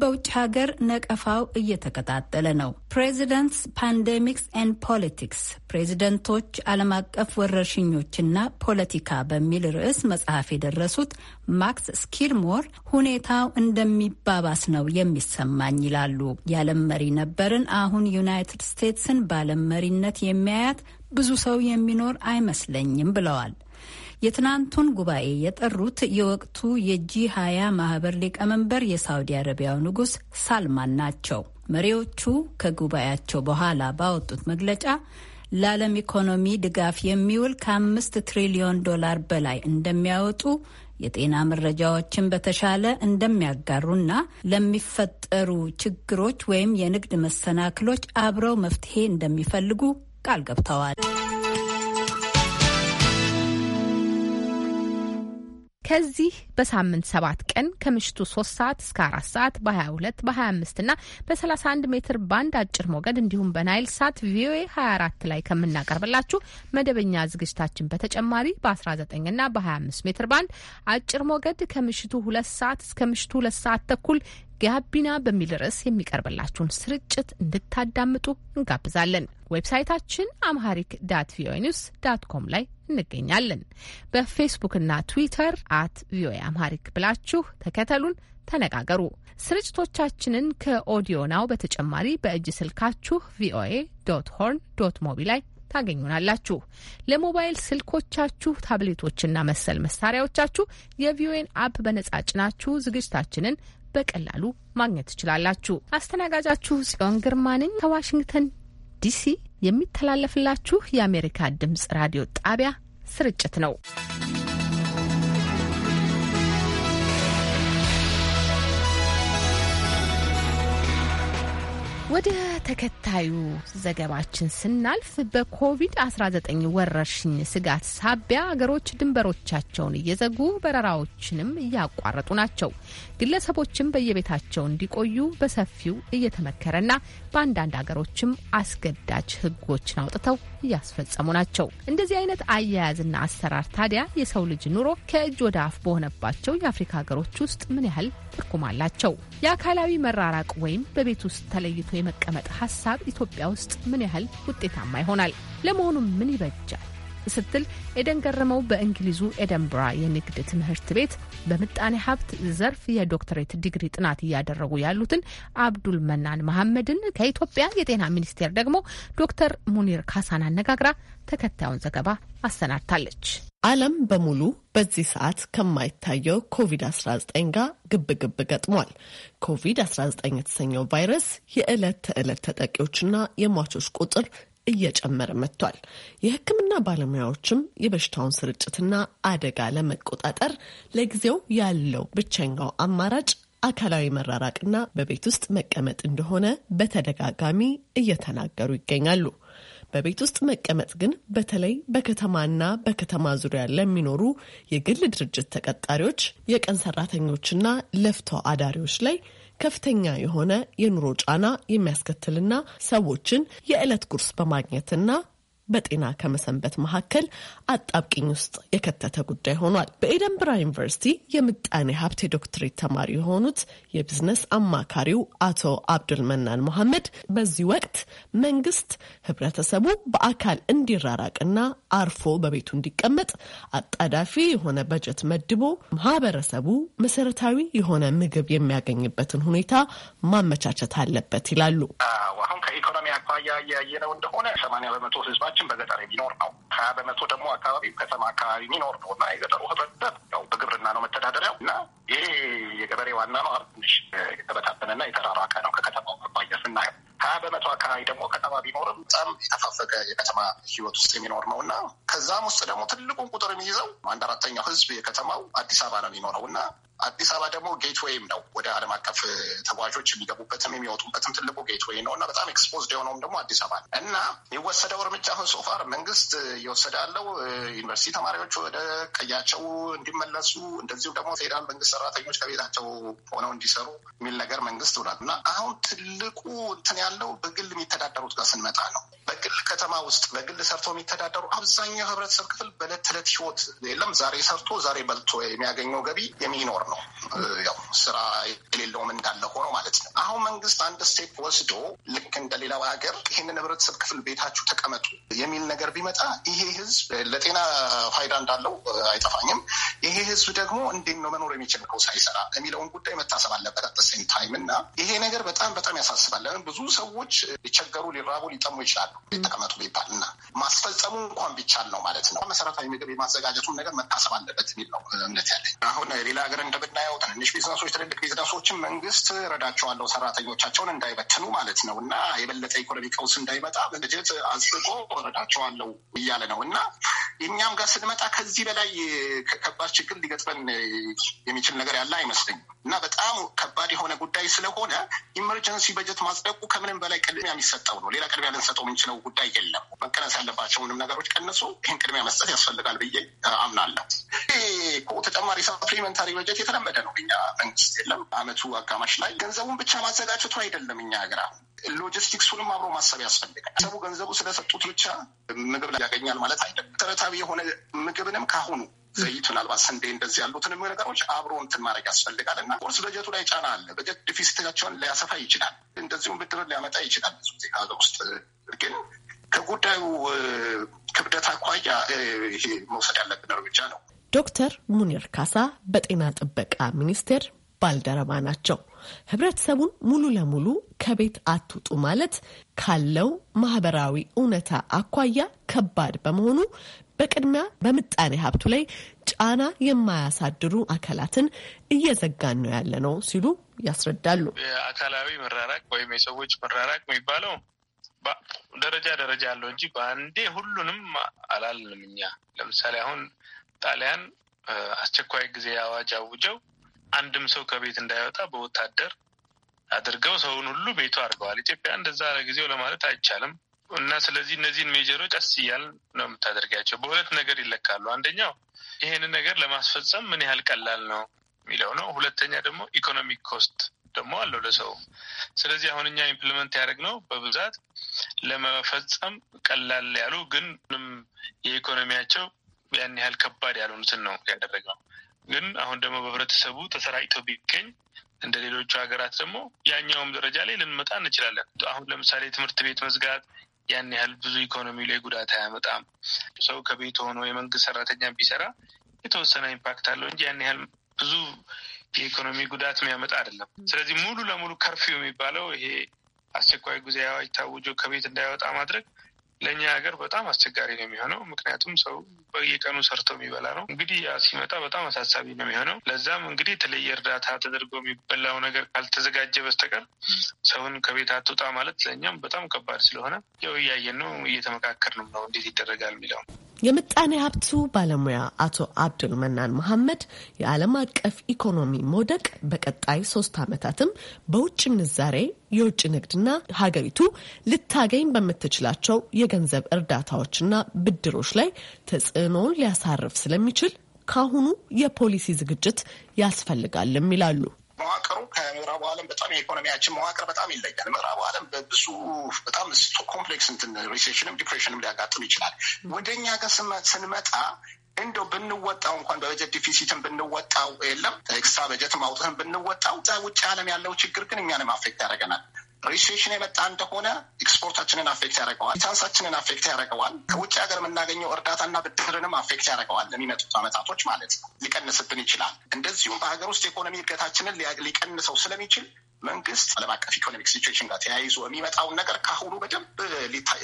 በውጭ ሀገር ነቀፋው እየተቀጣጠለ ነው። ፕሬዚደንትስ ፓንዴሚክስ ኤንድ ፖለቲክስ ፕሬዚደንቶች ዓለም አቀፍ ወረርሽኞችና ፖለቲካ በሚል ርዕስ መጽሐፍ የደረሱት ማክስ ስኪልሞር ሁኔታው እንደሚባባስ ነው የሚሰማኝ ይላሉ። የዓለም መሪ ነበርን፣ አሁን ዩናይትድ ስቴትስን ባለም መሪነት የሚያያት ብዙ ሰው የሚኖር አይመስለኝም ብለዋል። የትናንቱን ጉባኤ የጠሩት የወቅቱ የጂ ሀያ ማህበር ሊቀመንበር የሳውዲ አረቢያው ንጉስ ሳልማን ናቸው። መሪዎቹ ከጉባኤያቸው በኋላ ባወጡት መግለጫ ለዓለም ኢኮኖሚ ድጋፍ የሚውል ከአምስት ትሪሊዮን ዶላር በላይ እንደሚያወጡ የጤና መረጃዎችን በተሻለ እንደሚያጋሩና ለሚፈጠሩ ችግሮች ወይም የንግድ መሰናክሎች አብረው መፍትሄ እንደሚፈልጉ ቃል ገብተዋል። ከዚህ በሳምንት ሰባት ቀን ከምሽቱ ሶስት ሰዓት እስከ አራት ሰዓት በ22 በ25 እና በ31 ሜትር ባንድ አጭር ሞገድ እንዲሁም በናይል ሳት ቪኦኤ 24 ላይ ከምናቀርብላችሁ መደበኛ ዝግጅታችን በተጨማሪ በ19 እና በ25 ሜትር ባንድ አጭር ሞገድ ከምሽቱ ሁለት ሰዓት እስከ ምሽቱ ሁለት ሰዓት ተኩል ጋቢና በሚል ርዕስ የሚቀርብላችሁን ስርጭት እንድታዳምጡ እንጋብዛለን። ዌብሳይታችን አምሃሪክ ዳት ቪኦኤ ኒውስ ዳት ኮም ላይ እንገኛለን። በፌስቡክና ትዊተር አት ቪኦኤ አምሃሪክ ብላችሁ ተከተሉን፣ ተነጋገሩ። ስርጭቶቻችንን ከኦዲዮ ናው በተጨማሪ በእጅ ስልካችሁ ቪኦኤ ዶት ሆርን ዶት ሞቢ ላይ ታገኙናላችሁ። ለሞባይል ስልኮቻችሁ ታብሌቶችና መሰል መሳሪያዎቻችሁ የቪኦኤን አፕ በነጻ ጭናችሁ ዝግጅታችንን በቀላሉ ማግኘት ትችላላችሁ። አስተናጋጃችሁ ጽዮን ግርማ ነኝ ከዋሽንግተን ዲሲ የሚተላለፍላችሁ የአሜሪካ ድምጽ ራዲዮ ጣቢያ ስርጭት ነው። ወደ ተከታዩ ዘገባችን ስናልፍ በኮቪድ-19 ወረርሽኝ ስጋት ሳቢያ አገሮች ድንበሮቻቸውን እየዘጉ በረራዎችንም እያቋረጡ ናቸው። ግለሰቦችም በየቤታቸው እንዲቆዩ በሰፊው እየተመከረና በአንዳንድ አገሮችም አስገዳጅ ሕጎችን አውጥተው እያስፈጸሙ ናቸው። እንደዚህ አይነት አያያዝና አሰራር ታዲያ የሰው ልጅ ኑሮ ከእጅ ወደ አፍ በሆነባቸው የአፍሪካ ሀገሮች ውስጥ ምን ያህል ትርጉም አላቸው? የአካላዊ መራራቅ ወይም በቤት ውስጥ ተለይቶ የመቀመጥ ሀሳብ ኢትዮጵያ ውስጥ ምን ያህል ውጤታማ ይሆናል? ለመሆኑ ምን ይበጃል? ስትል ኤደን ገረመው በእንግሊዙ ኤደንብራ የንግድ ትምህርት ቤት በምጣኔ ሀብት ዘርፍ የዶክተሬት ዲግሪ ጥናት እያደረጉ ያሉትን አብዱል መናን መሐመድን ከኢትዮጵያ የጤና ሚኒስቴር ደግሞ ዶክተር ሙኒር ካሳን አነጋግራ ተከታዩን ዘገባ አሰናድታለች። ዓለም በሙሉ በዚህ ሰዓት ከማይታየው ኮቪድ-19 ጋር ግብ ገጥሟል። ኮቪድ-19 የተሰኘው ቫይረስ የዕለት ተዕለት ተጠቂዎችና የሟቾች ቁጥር እየጨመረ መጥቷል። የሕክምና ባለሙያዎችም የበሽታውን ስርጭትና አደጋ ለመቆጣጠር ለጊዜው ያለው ብቸኛው አማራጭ አካላዊ መራራቅና በቤት ውስጥ መቀመጥ እንደሆነ በተደጋጋሚ እየተናገሩ ይገኛሉ። በቤት ውስጥ መቀመጥ ግን በተለይ በከተማና በከተማ ዙሪያ ለሚኖሩ የግል ድርጅት ተቀጣሪዎች፣ የቀን ሰራተኞችና ለፍቶ አዳሪዎች ላይ ከፍተኛ የሆነ የኑሮ ጫና የሚያስከትልና ሰዎችን የዕለት ጉርስ በማግኘትና በጤና ከመሰንበት መካከል አጣብቂኝ ውስጥ የከተተ ጉዳይ ሆኗል። በኤደንብራ ዩኒቨርሲቲ የምጣኔ ሀብት የዶክትሬት ተማሪ የሆኑት የቢዝነስ አማካሪው አቶ አብዱል መናን መሐመድ በዚህ ወቅት መንግስት ህብረተሰቡ በአካል እንዲራራቅና አርፎ በቤቱ እንዲቀመጥ አጣዳፊ የሆነ በጀት መድቦ ማህበረሰቡ መሰረታዊ የሆነ ምግብ የሚያገኝበትን ሁኔታ ማመቻቸት አለበት ይላሉ። አሁን ከኢኮኖሚ አኳያ እያየነው እንደሆነ ሰማንያ በመቶ ህዝባችን ሀገራችን በገጠር የሚኖር ነው። ሀያ በመቶ ደግሞ አካባቢ ከተማ አካባቢ የሚኖር ነው እና የገጠሩ ህብረተሰብ ያው በግብርና ነው መተዳደሪያው እና ይሄ የገበሬ ዋና ነው ትንሽ የተበታተነና የተራራቀ ነው ከከተማው አኳያ ስናየው። ሀያ በመቶ አካባቢ ደግሞ ከተማ ቢኖርም በጣም የተፋፈገ የከተማ ህይወት ውስጥ የሚኖር ነው እና ከዛም ውስጥ ደግሞ ትልቁን ቁጥር የሚይዘው አንድ አራተኛው ህዝብ የከተማው አዲስ አበባ ነው የሚኖረው እና አዲስ አበባ ደግሞ ጌትዌይም ነው ወደ ዓለም አቀፍ ተጓዦች የሚገቡበትም የሚወጡበትም ትልቁ ጌትዌይ ነው እና በጣም ኤክስፖዝድ የሆነውም ደግሞ አዲስ አበባ ነው እና የሚወሰደው እርምጃ ሶፋር መንግስት እየወሰደ ያለው ዩኒቨርሲቲ ተማሪዎች ወደ ቀያቸው እንዲመለሱ እንደዚሁም ደግሞ ፌዴራል መንግስት ሰራተኞች ከቤታቸው ሆነው እንዲሰሩ የሚል ነገር መንግስት ውላል እና አሁን ትልቁ እንትን ያለው በግል የሚተዳደሩት ጋር ስንመጣ ነው። በግል ከተማ ውስጥ በግል ሰርቶ የሚተዳደሩ አብዛኛው ህብረተሰብ ክፍል በዕለት ተዕለት ህይወት የለም ዛሬ ሰርቶ ዛሬ በልቶ የሚያገኘው ገቢ የሚኖር ነው። ነው። ያው ስራ የሌለውም እንዳለ ሆኖ ማለት ነው። አሁን መንግስት አንድ ስቴፕ ወስዶ ልክ እንደሌላው ሀገር ይህንን ህብረተሰብ ክፍል ቤታችሁ ተቀመጡ የሚል ነገር ቢመጣ ይሄ ህዝብ ለጤና ፋይዳ እንዳለው አይጠፋኝም። ይሄ ህዝብ ደግሞ እንዴት ነው መኖር የሚችለው ሳይሰራ የሚለውን ጉዳይ መታሰብ አለበት አት ሴም ታይም እና ይሄ ነገር በጣም በጣም ያሳስባል። ለምን ብዙ ሰዎች ሊቸገሩ፣ ሊራቡ፣ ሊጠሙ ይችላሉ ተቀመጡ ቢባል እና ማስፈጸሙ እንኳን ቢቻል ነው ማለት ነው መሰረታዊ ምግብ የማዘጋጀቱን ነገር መታሰብ አለበት የሚል ነው እምነት ያለኝ አሁን ሌላ ሀገር ብናየው ትንንሽ ቢዝነሶች፣ ትልልቅ ቢዝነሶችን መንግስት ረዳቸዋለው ሰራተኞቻቸውን እንዳይበትኑ ማለት ነው እና የበለጠ ኢኮኖሚ ቀውስ እንዳይመጣ በጀት አጽድቆ ረዳቸዋለው እያለ ነው እና እኛም ጋር ስንመጣ ከዚህ በላይ ከባድ ችግር ሊገጥመን የሚችል ነገር ያለ አይመስለኝም እና በጣም ከባድ የሆነ ጉዳይ ስለሆነ ኢመርጀንሲ በጀት ማጽደቁ ከምንም በላይ ቅድሚያ የሚሰጠው ነው። ሌላ ቅድሚያ ልንሰጠው የምንችለው ጉዳይ የለም። መቀነስ ያለባቸውንም ነገሮች ቀንሶ ይህን ቅድሚያ መስጠት ያስፈልጋል ብዬ አምናለሁ። ተጨማሪ ሰፕሊመንታሪ በጀት የተለመደ ነው። እኛ መንግስት የለም አመቱ አጋማሽ ላይ ገንዘቡን ብቻ ማዘጋጀቱ አይደለም እኛ ሀገራ ሎጂስቲክሱንም አብሮ ማሰብ ያስፈልጋል። ሰቡ ገንዘቡ ስለሰጡት ብቻ ምግብ ላይ ያገኛል ማለት አይደለም። መሰረታዊ የሆነ ምግብንም ካሁኑ ዘይት ምናልባት ስንዴ እንደዚህ ያሉትንም ነገሮች አብሮ እንትን ማድረግ ያስፈልጋል እና ቁርስ በጀቱ ላይ ጫና አለ። በጀት ዲፊሲታቸውን ሊያሰፋ ይችላል፣ እንደዚሁም ብድር ሊያመጣ ይችላል። ብዙ ጊዜ ሀገር ውስጥ ግን ከጉዳዩ ክብደት አኳያ ይሄ መውሰድ ያለብን እርምጃ ነው። ዶክተር ሙኒር ካሳ በጤና ጥበቃ ሚኒስቴር ባልደረባ ናቸው። ህብረተሰቡን ሙሉ ለሙሉ ከቤት አትውጡ ማለት ካለው ማህበራዊ እውነታ አኳያ ከባድ በመሆኑ በቅድሚያ በምጣኔ ሀብቱ ላይ ጫና የማያሳድሩ አካላትን እየዘጋን ነው ያለ ነው ሲሉ ያስረዳሉ። የአካላዊ መራራቅ ወይም የሰዎች መራራቅ የሚባለው ደረጃ ደረጃ አለው እንጂ በአንዴ ሁሉንም አላልንም። እኛ ለምሳሌ አሁን ጣሊያን አስቸኳይ ጊዜ አዋጅ አውጀው አንድም ሰው ከቤት እንዳይወጣ በወታደር አድርገው ሰውን ሁሉ ቤቱ አድርገዋል። ኢትዮጵያ እንደዛ ለጊዜው ለማለት አይቻልም እና ስለዚህ እነዚህን ሜጀሮች ቀስ እያል ነው የምታደርጋቸው። በሁለት ነገር ይለካሉ። አንደኛው ይሄን ነገር ለማስፈጸም ምን ያህል ቀላል ነው የሚለው ነው። ሁለተኛ ደግሞ ኢኮኖሚክ ኮስት ደግሞ አለው ለሰው። ስለዚህ አሁን እኛ ኢምፕሊመንት ያደረግነው በብዛት ለመፈጸም ቀላል ያሉ ግን የኢኮኖሚያቸው ያን ያህል ከባድ ያልሆኑትን ነው ያደረገው። ግን አሁን ደግሞ በህብረተሰቡ ተሰራጭቶ ቢገኝ እንደ ሌሎቹ ሀገራት ደግሞ ያኛውም ደረጃ ላይ ልንመጣ እንችላለን። አሁን ለምሳሌ ትምህርት ቤት መዝጋት ያን ያህል ብዙ ኢኮኖሚ ላይ ጉዳት አያመጣም። ሰው ከቤት ሆኖ የመንግስት ሰራተኛ ቢሰራ የተወሰነ ኢምፓክት አለው እንጂ ያን ያህል ብዙ የኢኮኖሚ ጉዳት የሚያመጣ አይደለም። ስለዚህ ሙሉ ለሙሉ ከርፊው የሚባለው ይሄ አስቸኳይ ጊዜ አዋጅ ታውጆ ከቤት እንዳይወጣ ማድረግ ለእኛ ሀገር በጣም አስቸጋሪ ነው የሚሆነው። ምክንያቱም ሰው በየቀኑ ሰርቶ የሚበላ ነው። እንግዲህ ያ ሲመጣ በጣም አሳሳቢ ነው የሚሆነው። ለዛም እንግዲህ የተለየ እርዳታ ተደርጎ የሚበላው ነገር ካልተዘጋጀ በስተቀር ሰውን ከቤት አትውጣ ማለት ለእኛም በጣም ከባድ ስለሆነ ያው እያየን ነው፣ እየተመካከር ነው ነው እንዴት ይደረጋል የሚለው የምጣኔ ሀብቱ ባለሙያ አቶ አብዱል መናን መሐመድ የዓለም አቀፍ ኢኮኖሚ መውደቅ በቀጣይ ሶስት ዓመታትም በውጭ ምንዛሬ የውጭ ንግድና ሀገሪቱ ልታገኝ በምትችላቸው የገንዘብ እርዳታዎችና ብድሮች ላይ ተጽዕኖውን ሊያሳርፍ ስለሚችል ካሁኑ የፖሊሲ ዝግጅት ያስፈልጋልም ይላሉ። መዋቅሩ ከምዕራቡ ዓለም በጣም የኢኮኖሚያችን መዋቅር በጣም ይለያል። ምዕራቡ ዓለም በብዙ በጣም ኮምፕሌክስ እንትን ሪሴሽንም ዲፕሬሽንም ሊያጋጥም ይችላል። ወደ እኛ ጋር ስንመጣ እንደው ብንወጣው እንኳን በበጀት ዲፊሲትን ብንወጣው የለም ኤክስትራ በጀት ማውጥህን ብንወጣው ውጭ ዓለም ያለው ችግር ግን እኛንም አፌክት ያደርገናል። ሪሴሽን የመጣ እንደሆነ ኤክስፖርታችንን አፌክት ያደርገዋል፣ ቻንሳችንን አፌክት ያደርገዋል፣ ከውጭ ሀገር የምናገኘው እርዳታና ብድርንም አፌክት ያደርገዋል። ለሚመጡት አመታቶች ማለት ነው ሊቀንስብን ይችላል። እንደዚሁም በሀገር ውስጥ የኢኮኖሚ እድገታችንን ሊቀንሰው ስለሚችል መንግስት ዓለም አቀፍ ኢኮኖሚክ ሲቹዌሽን ጋር ተያይዞ የሚመጣውን ነገር ከአሁኑ በደንብ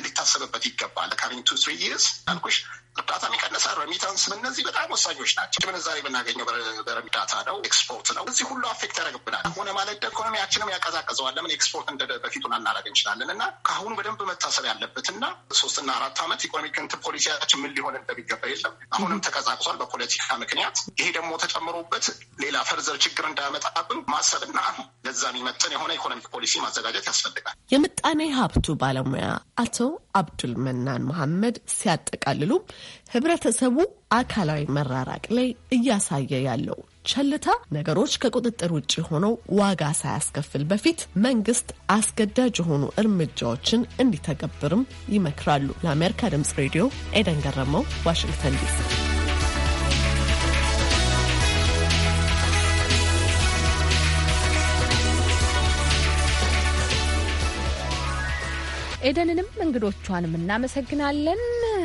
ሊታሰብበት ይገባል። ቱ ስሪ ይርስ አልኩሽ እርዳታ የሚቀንሳ ረሚታንስ፣ እነዚህ በጣም ወሳኞች ናቸው። ምንዛሬ የምናገኘው በረሚዳታ ነው፣ ኤክስፖርት ነው። እዚህ ሁሉ አፌክት ያደረግብናል። ሆነ ማለት ኢኮኖሚያችንም ያቀዛቅዘዋል። ለምን ኤክስፖርት እንደ በፊቱን አናደርግ እንችላለን። እና ከአሁኑ በደንብ መታሰብ ያለበት እና ሶስትና አራት ዓመት ኢኮኖሚክ እንትን ፖሊሲያችን ምን ሊሆን እንደሚገባ የለም። አሁንም ተቀዛቅሷል በፖለቲካ ምክንያት። ይሄ ደግሞ ተጨምሮበት ሌላ ፈርዘር ችግር እንዳያመጣብን ማሰብና ለዛ የሚመጥን የሆነ ኢኮኖሚክ ፖሊሲ ማዘጋጀት ያስፈልጋል። የምጣኔ ሀብቱ ባለሙያ አቶ አብዱል መናን መሐመድ ሲያጠቃልሉም ህብረተሰቡ አካላዊ መራራቅ ላይ እያሳየ ያለው ቸልታ ነገሮች ከቁጥጥር ውጭ ሆነው ዋጋ ሳያስከፍል በፊት መንግስት አስገዳጅ የሆኑ እርምጃዎችን እንዲተገብርም ይመክራሉ። ለአሜሪካ ድምጽ ሬዲዮ ኤደን ገረመው፣ ዋሽንግተን ዲሲ ኤደንንም እንግዶቿንም እናመሰግናለን።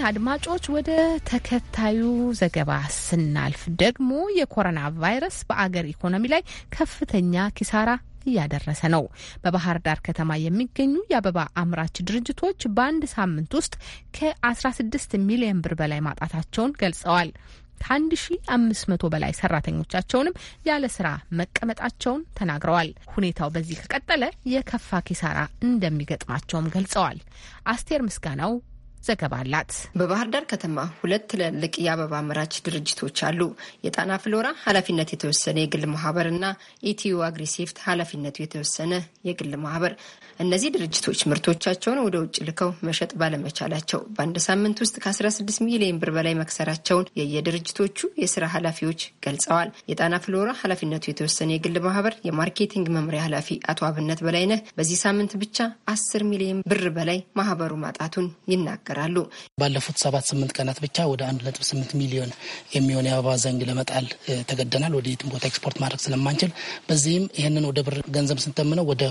አድማጮች ወደ ተከታዩ ዘገባ ስናልፍ ደግሞ የኮሮና ቫይረስ በአገር ኢኮኖሚ ላይ ከፍተኛ ኪሳራ እያደረሰ ነው። በባህር ዳር ከተማ የሚገኙ የአበባ አምራች ድርጅቶች በአንድ ሳምንት ውስጥ ከ16 ሚሊዮን ብር በላይ ማጣታቸውን ገልጸዋል። ከአንድ አምስት መቶ በላይ ሰራተኞቻቸውንም ያለ ስራ መቀመጣቸውን ተናግረዋል። ሁኔታው በዚህ ከቀጠለ የከፋ ኪሳራ እንደሚገጥማቸውም ገልጸዋል። አስቴር ምስጋናው ዘገባ አላት። በባህር ዳር ከተማ ሁለት ትልልቅ የአበባ አምራች ድርጅቶች አሉ። የጣና ፍሎራ ኃላፊነት የተወሰነ የግል ማህበር እና ኢትዮ አግሪሴፍት ኃላፊነቱ የተወሰነ የግል ማህበር። እነዚህ ድርጅቶች ምርቶቻቸውን ወደ ውጭ ልከው መሸጥ ባለመቻላቸው በአንድ ሳምንት ውስጥ ከ16 ሚሊዮን ብር በላይ መክሰራቸውን የየድርጅቶቹ የስራ ኃላፊዎች ገልጸዋል። የጣና ፍሎራ ኃላፊነቱ የተወሰነ የግል ማህበር የማርኬቲንግ መምሪያ ኃላፊ አቶ አብነት በላይነህ በዚህ ሳምንት ብቻ 10 ሚሊዮን ብር በላይ ማህበሩ ማጣቱን ይናገራል። ይናገራሉ። ባለፉት ሰባት ስምንት ቀናት ብቻ ወደ አንድ ነጥብ ስምንት ሚሊዮን የሚሆን የአበባ ዘንግ ለመጣል ተገደናል። ወደ የትም ቦታ ኤክስፖርት ማድረግ ስለማንችል፣ በዚህም ይህንን ወደ ብር ገንዘብ ስንተምነው ወደ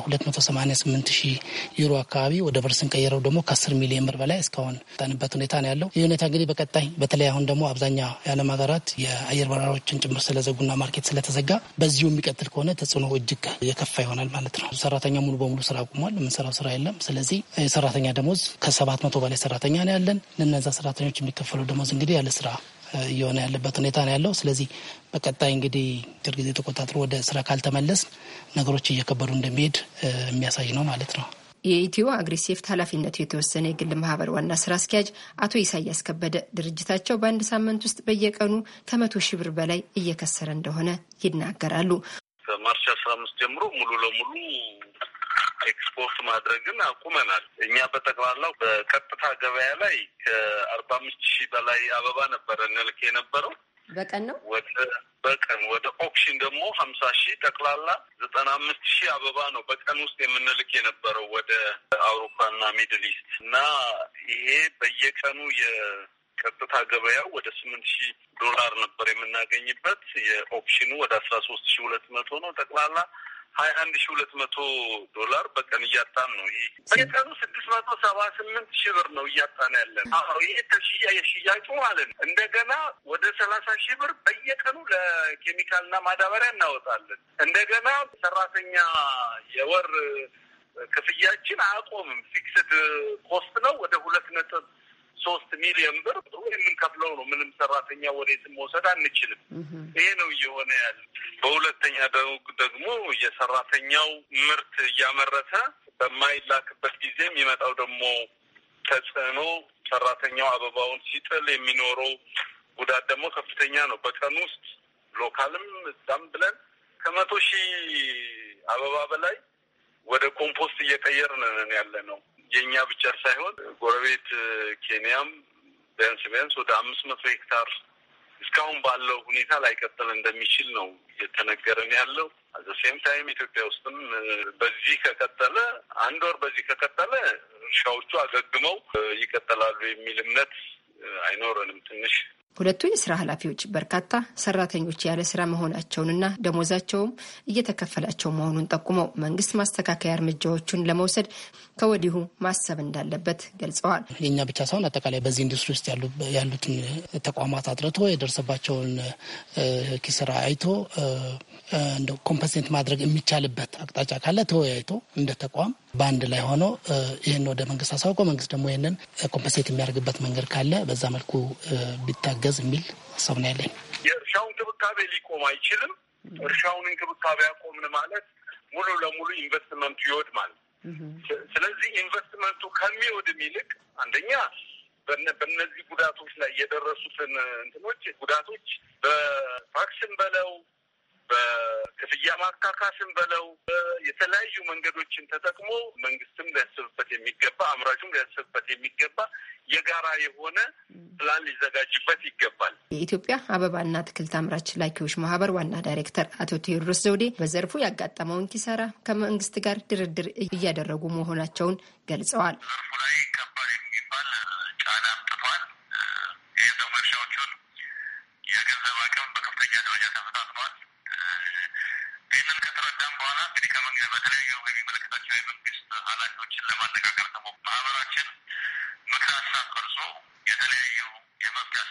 ስምንት ሺህ ዩሮ አካባቢ ወደ ብር ስንቀይረው ደግሞ ከአስር ሚሊዮን ብር በላይ እስካሁን ጠንበት ሁኔታ ነው ያለው። ይህ ሁኔታ እንግዲህ በቀጣይ በተለይ አሁን ደግሞ አብዛኛው የዓለም ሀገራት የአየር በረራዎችን ጭምር ስለዘጉና ማርኬት ስለተዘጋ በዚሁ የሚቀጥል ከሆነ ተጽዕኖ እጅግ የከፋ ይሆናል ማለት ነው። ሰራተኛ ሙሉ በሙሉ ስራ አቁሟል። የምንሰራው ስራ የለም። ስለዚህ ሰራተኛ ደሞዝ ከሰባት መቶ በላይ ሰራተኛ ሰራተኛ ነው ያለን። ለነዛ ሰራተኞች የሚከፈለው ደሞዝ እንግዲህ ያለ ስራ እየሆነ ያለበት ሁኔታ ነው ያለው። ስለዚህ በቀጣይ እንግዲህ ጭር ጊዜ ተቆጣጥሮ ወደ ስራ ካልተመለስ ነገሮች እየከበዱ እንደሚሄድ የሚያሳይ ነው ማለት ነው። የኢትዮ አግሪሴፍት ኃላፊነቱ የተወሰነ የግል ማህበር ዋና ስራ አስኪያጅ አቶ ኢሳያስ ከበደ ድርጅታቸው በአንድ ሳምንት ውስጥ በየቀኑ ከመቶ ሺህ ብር በላይ እየከሰረ እንደሆነ ይናገራሉ። ከማርች አስራ አምስት ጀምሮ ሙሉ ለሙሉ ኤክስፖርት ማድረግን አቁመናል። እኛ በጠቅላላው በቀጥታ ገበያ ላይ ከአርባ አምስት ሺህ በላይ አበባ ነበረ እንልክ የነበረው በቀን ነው ወደ በቀን ወደ ኦክሽን ደግሞ ሀምሳ ሺህ ጠቅላላ ዘጠና አምስት ሺህ አበባ ነው በቀን ውስጥ የምንልክ የነበረው ወደ አውሮፓና ሚድል ኢስት እና ይሄ በየቀኑ የቀጥታ ገበያው ወደ ስምንት ሺህ ዶላር ነበር የምናገኝበት። የኦፕሽኑ ወደ አስራ ሶስት ሺህ ሁለት መቶ ነው ጠቅላላ ሀያ አንድ ሺ ሁለት መቶ ዶላር በቀን እያጣን ነው። ይሄ በቀኑ ስድስት መቶ ሰባ ስምንት ሺ ብር ነው እያጣን ያለን። አዎ ይሄ ከሽያ የሽያጩ ማለት ነው። እንደገና ወደ ሰላሳ ሺ ብር በየቀኑ ለኬሚካልና ማዳበሪያ እናወጣለን። እንደገና ሰራተኛ የወር ክፍያችን አያቆምም። ፊክስድ ኮስት ነው ወደ ሁለት ነጥብ ሶስት ሚሊዮን ብር የምንከፍለው ነው። ምንም ሰራተኛ ወዴትም መውሰድ አንችልም። ይሄ ነው እየሆነ ያለ። በሁለተኛ ደግሞ የሰራተኛው ምርት እያመረተ በማይላክበት ጊዜ የሚመጣው ደግሞ ተጽዕኖ ሰራተኛው አበባውን ሲጥል የሚኖረው ጉዳት ደግሞ ከፍተኛ ነው። በቀን ውስጥ ሎካልም እዛም ብለን ከመቶ ሺህ አበባ በላይ ወደ ኮምፖስት እየቀየርን ያለ ነው። የእኛ ብቻ ሳይሆን ጎረቤት ኬንያም ቢያንስ ቢያንስ ወደ አምስት መቶ ሄክታር እስካሁን ባለው ሁኔታ ላይቀጥል እንደሚችል ነው እየተነገረን ያለው። ሴም ታይም ኢትዮጵያ ውስጥም በዚህ ከቀጠለ አንድ ወር በዚህ ከቀጠለ እርሻዎቹ አገግመው ይቀጠላሉ የሚል እምነት አይኖረንም። ትንሽ ሁለቱ የስራ ኃላፊዎች በርካታ ሰራተኞች ያለ ስራ መሆናቸውንና ደሞዛቸውም እየተከፈላቸው መሆኑን ጠቁመው መንግስት ማስተካከያ እርምጃዎቹን ለመውሰድ ከወዲሁ ማሰብ እንዳለበት ገልጸዋል። የእኛ ብቻ ሳይሆን አጠቃላይ በዚህ ኢንዱስትሪ ውስጥ ያሉትን ተቋማት አጥርቶ የደረሰባቸውን ኪስራ አይቶ እንደ ኮምፐንሴት ማድረግ የሚቻልበት አቅጣጫ ካለ ተወያይቶ እንደ ተቋም በአንድ ላይ ሆኖ ይህን ወደ መንግስት አሳውቆ መንግስት ደግሞ ይህንን ኮምፐንሴት የሚያደርግበት መንገድ ካለ በዛ መልኩ ቢታገዝ የሚል ሀሳብ ነው ያለኝ። የእርሻው እንክብካቤ ሊቆም አይችልም። እርሻውን እንክብካቤ ያቆምን ማለት ሙሉ ለሙሉ ኢንቨስትመንቱ ይወድ ማለት ስለዚህ ኢንቨስትመንቱ ከሚወድም ይልቅ አንደኛ በእነዚህ ጉዳቶች ላይ የደረሱትን እንትኖች ጉዳቶች በታክስም በለው በክፍያ ማካካስን በለው የተለያዩ መንገዶችን ተጠቅሞ መንግስትም ሊያስብበት የሚገባ አምራቹም ሊያስብበት የሚገባ የጋራ የሆነ ፕላን ሊዘጋጅበት ይገባል። የኢትዮጵያ አበባና አትክልት አምራች ላኪዎች ማህበር ዋና ዳይሬክተር አቶ ቴዎድሮስ ዘውዴ በዘርፉ ያጋጠመውን ኪሳራ ከመንግስት ጋር ድርድር እያደረጉ መሆናቸውን ገልጸዋል። ዘርፉ ላይ ከባድ የሚባል ጫና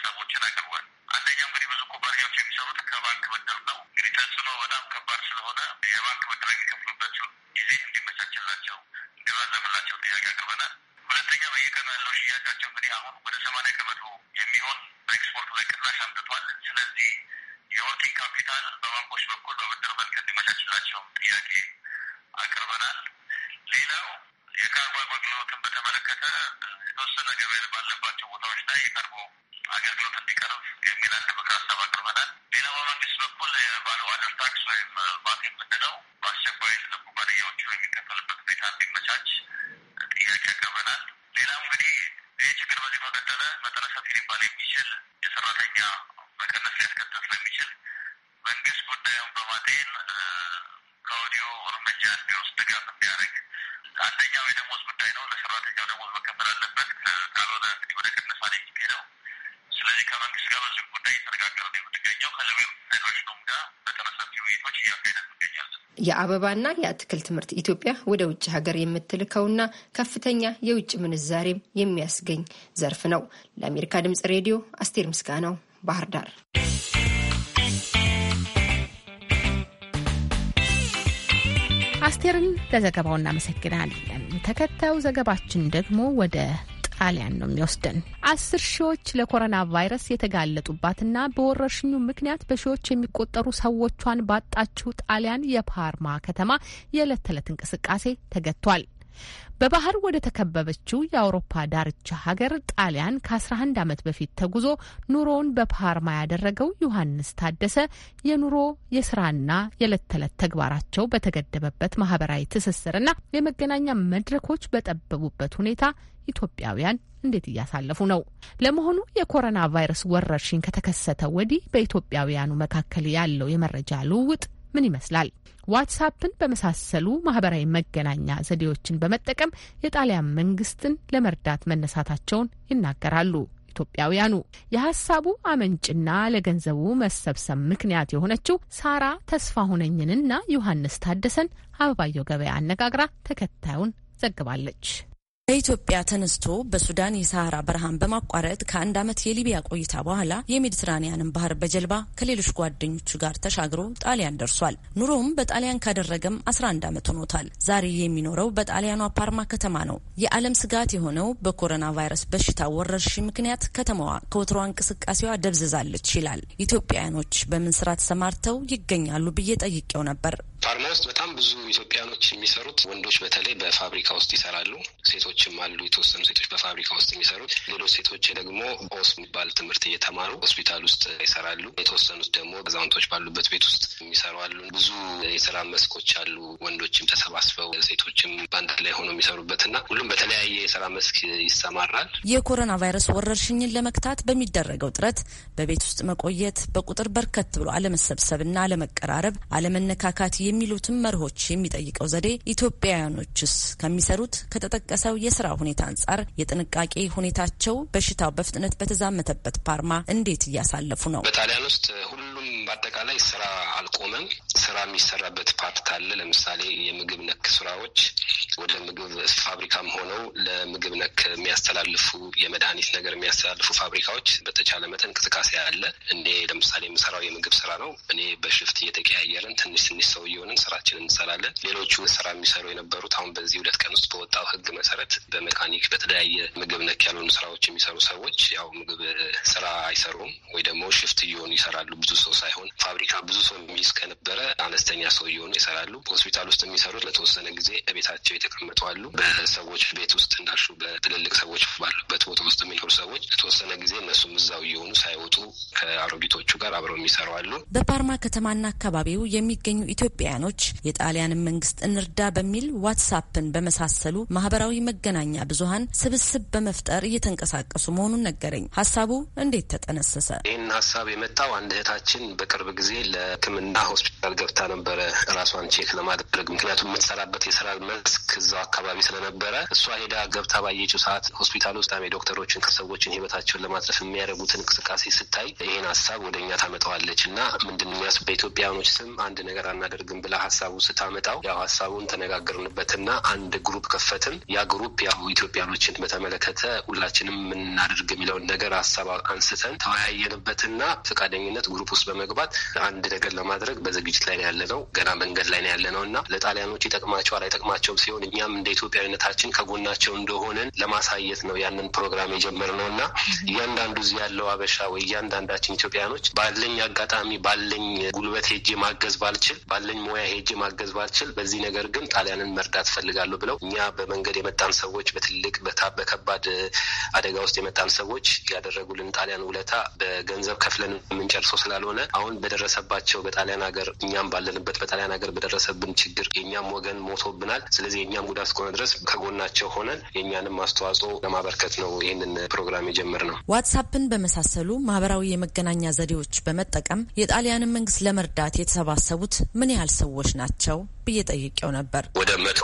ሀሳቦችን አቅርቧል። አንደኛው እንግዲህ ብዙ ኩባንያዎች የሚሰሩት ከባንክ ብድር ነው። እንግዲህ ተጽዕኖ በጣም ከባድ ስለሆነ የባንክ ብድር የሚከፍሉበት ጊዜ እንዲመቻችላቸው እንዲራዘምላቸው ጥያቄ አቅርበናል። ሁለተኛ በየቀኑ ያለው ሽያጫቸው እንግዲህ አሁን ወደ ሰማንያ ከመቶ ብአዴን ከወዲሁ እርምጃ እንዲወስድ ድጋፍ እንዲያደርግ። አንደኛው የደሞዝ ጉዳይ ነው። ለሰራተኛው ደሞዝ መከፈል አለበት። ካልሆነ እንግዲህ ወደ ቅነሳ ነው የሚሄደው። ስለዚህ ከመንግስት ጋር በዚህ ጉዳይ እየተነጋገረ ነው ፌዴሬሽኑም ጋር ውይይቶች እንገኛለን። የአበባና የአትክልት ምርት ኢትዮጵያ ወደ ውጭ ሀገር የምትልከውና ከፍተኛ የውጭ ምንዛሬም የሚያስገኝ ዘርፍ ነው። ለአሜሪካ ድምጽ ሬዲዮ አስቴር ምስጋናው ባህር ዳር አስቴርን ለዘገባው እናመሰግናለን። ተከታዩ ዘገባችን ደግሞ ወደ ጣሊያን ነው የሚወስደን። አስር ሺዎች ለኮሮና ቫይረስ የተጋለጡባትና በወረርሽኙ ምክንያት በሺዎች የሚቆጠሩ ሰዎቿን ባጣችው ጣሊያን የፓርማ ከተማ የዕለት ተዕለት እንቅስቃሴ ተገጥቷል። በባህር ወደ ተከበበችው የአውሮፓ ዳርቻ ሀገር ጣሊያን ከ11 ዓመት በፊት ተጉዞ ኑሮውን በፓርማ ያደረገው ዮሐንስ ታደሰ የኑሮ የስራና የዕለት ተዕለት ተግባራቸው በተገደበበት ማህበራዊ ትስስርና የመገናኛ መድረኮች በጠበቡበት ሁኔታ ኢትዮጵያውያን እንዴት እያሳለፉ ነው? ለመሆኑ የኮሮና ቫይረስ ወረርሽኝ ከተከሰተ ወዲህ በኢትዮጵያውያኑ መካከል ያለው የመረጃ ልውውጥ ምን ይመስላል? ዋትሳፕን በመሳሰሉ ማህበራዊ መገናኛ ዘዴዎችን በመጠቀም የጣሊያን መንግስትን ለመርዳት መነሳታቸውን ይናገራሉ። ኢትዮጵያውያኑ የሀሳቡ አመንጭና ለገንዘቡ መሰብሰብ ምክንያት የሆነችው ሳራ ተስፋ ሁነኝንና ዮሐንስ ታደሰን አበባየው ገበያ አነጋግራ ተከታዩን ዘግባለች። ከኢትዮጵያ ተነስቶ በሱዳን የሰሐራ በረሃን በማቋረጥ ከአንድ ዓመት የሊቢያ ቆይታ በኋላ የሜዲትራኒያንን ባህር በጀልባ ከሌሎች ጓደኞቹ ጋር ተሻግሮ ጣሊያን ደርሷል። ኑሮውም በጣሊያን ካደረገም 11 ዓመት ሆኖታል። ዛሬ የሚኖረው በጣሊያኗ ፓርማ ከተማ ነው። የዓለም ስጋት የሆነው በኮሮና ቫይረስ በሽታ ወረርሽኝ ምክንያት ከተማዋ ከወትሯ እንቅስቃሴዋ ደብዝዛለች ይላል። ኢትዮጵያውያኖች በምን ስራ ተሰማርተው ይገኛሉ ብዬ ጠይቄው ነበር። ፋርማ ውስጥ በጣም ብዙ ኢትዮጵያኖች የሚሰሩት ወንዶች በተለይ በፋብሪካ ውስጥ ይሰራሉ። ሴቶችም አሉ፣ የተወሰኑ ሴቶች በፋብሪካ ውስጥ የሚሰሩት። ሌሎች ሴቶች ደግሞ ኦስ የሚባል ትምህርት እየተማሩ ሆስፒታል ውስጥ ይሰራሉ። የተወሰኑት ደግሞ አዛውንቶች ባሉበት ቤት ውስጥ የሚሰሩ አሉ። ብዙ የስራ መስኮች አሉ። ወንዶችም ተሰባስበው ሴቶችም በአንድ ላይ ሆነው የሚሰሩበት እና ሁሉም በተለያየ የስራ መስክ ይሰማራል። የኮሮና ቫይረስ ወረርሽኝን ለመግታት በሚደረገው ጥረት በቤት ውስጥ መቆየት፣ በቁጥር በርከት ብሎ አለመሰብሰብ አለመቀራረብ፣ አለመነካካት የሚሉትን መርሆች የሚጠይቀው ዘዴ ኢትዮጵያውያኖችስ ከሚሰሩት ከተጠቀሰው የስራ ሁኔታ አንጻር የጥንቃቄ ሁኔታቸው በሽታው በፍጥነት በተዛመተበት ፓርማ እንዴት እያሳለፉ ነው? በጣሊያን ውስጥ ሁሉ በአጠቃላይ ስራ አልቆመም። ስራ የሚሰራበት ፓርት አለ። ለምሳሌ የምግብ ነክ ስራዎች ወደ ምግብ ፋብሪካም ሆነው ለምግብ ነክ የሚያስተላልፉ የመድኃኒት ነገር የሚያስተላልፉ ፋብሪካዎች በተቻለ መጠን እንቅስቃሴ አለ። እኔ ለምሳሌ የምሰራው የምግብ ስራ ነው። እኔ በሽፍት እየተቀያየርን ትንሽ ትንሽ ሰው እየሆንን ስራችን እንሰራለን። ሌሎቹ ስራ የሚሰሩ የነበሩት አሁን በዚህ ሁለት ቀን ውስጥ በወጣው ህግ መሰረት በመካኒክ በተለያየ ምግብ ነክ ያልሆኑ ስራዎች የሚሰሩ ሰዎች ያው ምግብ ስራ አይሰሩም ወይ ደግሞ ሽፍት እየሆኑ ይሰራሉ ብዙ ሰው ሳይሆን ፋብሪካ ብዙ ሰው የሚይዝ ከነበረ አነስተኛ ሰው እየሆኑ ይሰራሉ። ሆስፒታል ውስጥ የሚሰሩት ለተወሰነ ጊዜ ቤታቸው የተቀመጡ አሉ። በሰዎች ቤት ውስጥ እንዳሹ በትልልቅ ሰዎች ባሉበት ቦታ ውስጥ የሚኖሩ ሰዎች ለተወሰነ ጊዜ እነሱም እዛው እየሆኑ ሳይወጡ ከአሮጊቶቹ ጋር አብረው የሚሰሩ አሉ። በፓርማ ከተማና አካባቢው የሚገኙ ኢትዮጵያውያኖች የጣሊያንን መንግስት እንርዳ በሚል ዋትሳፕን በመሳሰሉ ማህበራዊ መገናኛ ብዙሀን ስብስብ በመፍጠር እየተንቀሳቀሱ መሆኑን ነገረኝ። ሀሳቡ እንዴት ተጠነሰሰ? ይህን ሀሳብ የመጣው አንድ እህታችን በቅርብ ጊዜ ለሕክምና ሆስፒታል ገብታ ነበረ ራሷን ቼክ ለማድረግ ምክንያቱም የምትሰራበት የስራ መስክ እዛው አካባቢ ስለነበረ እሷ ሄዳ ገብታ ባየችው ሰዓት ሆስፒታል ውስጥ ሜ ዶክተሮችን ከሰዎችን ህይወታቸውን ለማትረፍ የሚያደርጉትን እንቅስቃሴ ስታይ ይህን ሀሳብ ወደ እኛ ታመጣዋለች እና ምንድን የሚያስ በኢትዮጵያኖች ስም አንድ ነገር አናደርግም ብላ ሀሳቡ ስታመጣው ያው ሀሳቡን ተነጋገርንበትና አንድ ግሩፕ ከፈትን። ያ ግሩፕ ያው ኢትዮጵያኖችን በተመለከተ ሁላችንም የምናደርግ የሚለውን ነገር ሀሳብ አንስተን ተወያየንበትና ፈቃደኝነት ግሩፕ ውስጥ ለመግባት አንድ ነገር ለማድረግ በዝግጅት ላይ ያለ ነው። ገና መንገድ ላይ ያለ ነው እና ለጣሊያኖች ይጠቅማቸዋል አይጠቅማቸውም ሲሆን እኛም እንደ ኢትዮጵያዊነታችን ከጎናቸው እንደሆነን ለማሳየት ነው ያንን ፕሮግራም የጀመርነው እና እያንዳንዱ እዚህ ያለው አበሻ ወይ እያንዳንዳችን ኢትዮጵያኖች ባለኝ አጋጣሚ ባለኝ ጉልበት ሄጄ ማገዝ ባልችል፣ ባለኝ ሙያ ሄጄ ማገዝ ባልችል፣ በዚህ ነገር ግን ጣሊያንን መርዳት ፈልጋለሁ ብለው እኛ በመንገድ የመጣን ሰዎች በትልቅ በከባድ አደጋ ውስጥ የመጣን ሰዎች ያደረጉልን ጣሊያን ውለታ በገንዘብ ከፍለን የምንጨርሰው ስላልሆነ አሁን በደረሰባቸው በጣሊያን ሀገር እኛም ባለንበት በጣሊያን ሀገር በደረሰብን ችግር የእኛም ወገን ሞቶብናል። ስለዚህ የእኛም ጉዳት እስከሆነ ድረስ ከጎናቸው ሆነን የእኛንም አስተዋጽኦ ለማበርከት ነው ይህንን ፕሮግራም የጀመርነው። ዋትሳፕን በመሳሰሉ ማህበራዊ የመገናኛ ዘዴዎች በመጠቀም የጣሊያንን መንግስት ለመርዳት የተሰባሰቡት ምን ያህል ሰዎች ናቸው? ብዬ ጠይቄው ነበር። ወደ መቶ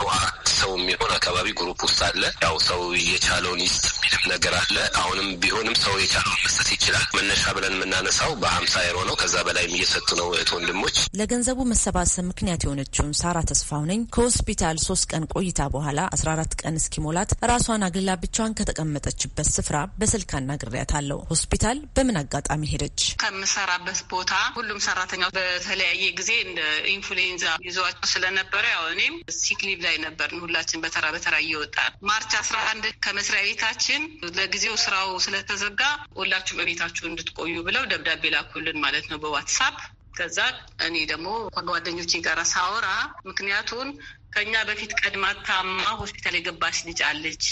ሰው የሚሆን አካባቢ ግሩፕ ውስጥ አለ። ያው ሰው የቻለውን ይስጥ የሚልም ነገር አለ። አሁንም ቢሆንም ሰው የቻለውን መስጠት ይችላል። መነሻ ብለን የምናነሳው በሀምሳ ዩሮ ነው። ከዛ በላይም እየሰጡ ነው እህት ወንድሞች። ለገንዘቡ መሰባሰብ ምክንያት የሆነችውን ሳራ ተስፋው ነኝ ከሆስፒታል ሶስት ቀን ቆይታ በኋላ አስራ አራት ቀን እስኪሞላት ራሷን አግላ ብቻዋን ከተቀመጠችበት ስፍራ በስልክ አለው። ሆስፒታል በምን አጋጣሚ ሄደች? ከምሰራበት ቦታ ሁሉም ሰራተኛው በተለያየ ጊዜ እንደ ኢንፍሉዌንዛ ይዟቸው ስለ ስለነበረ ያው እኔም ሲክሊቭ ላይ ነበርን። ሁላችን በተራ በተራ እየወጣ ማርች አስራ አንድ ከመስሪያ ቤታችን ለጊዜው ስራው ስለተዘጋ ሁላችሁም በቤታችሁ እንድትቆዩ ብለው ደብዳቤ ላኩልን ማለት ነው በዋትሳፕ ከዛ እኔ ደግሞ ከጓደኞቼ ጋር ሳወራ ምክንያቱን ከኛ በፊት ቀድማ ታማ ሆስፒታል የገባች ልጅ አለች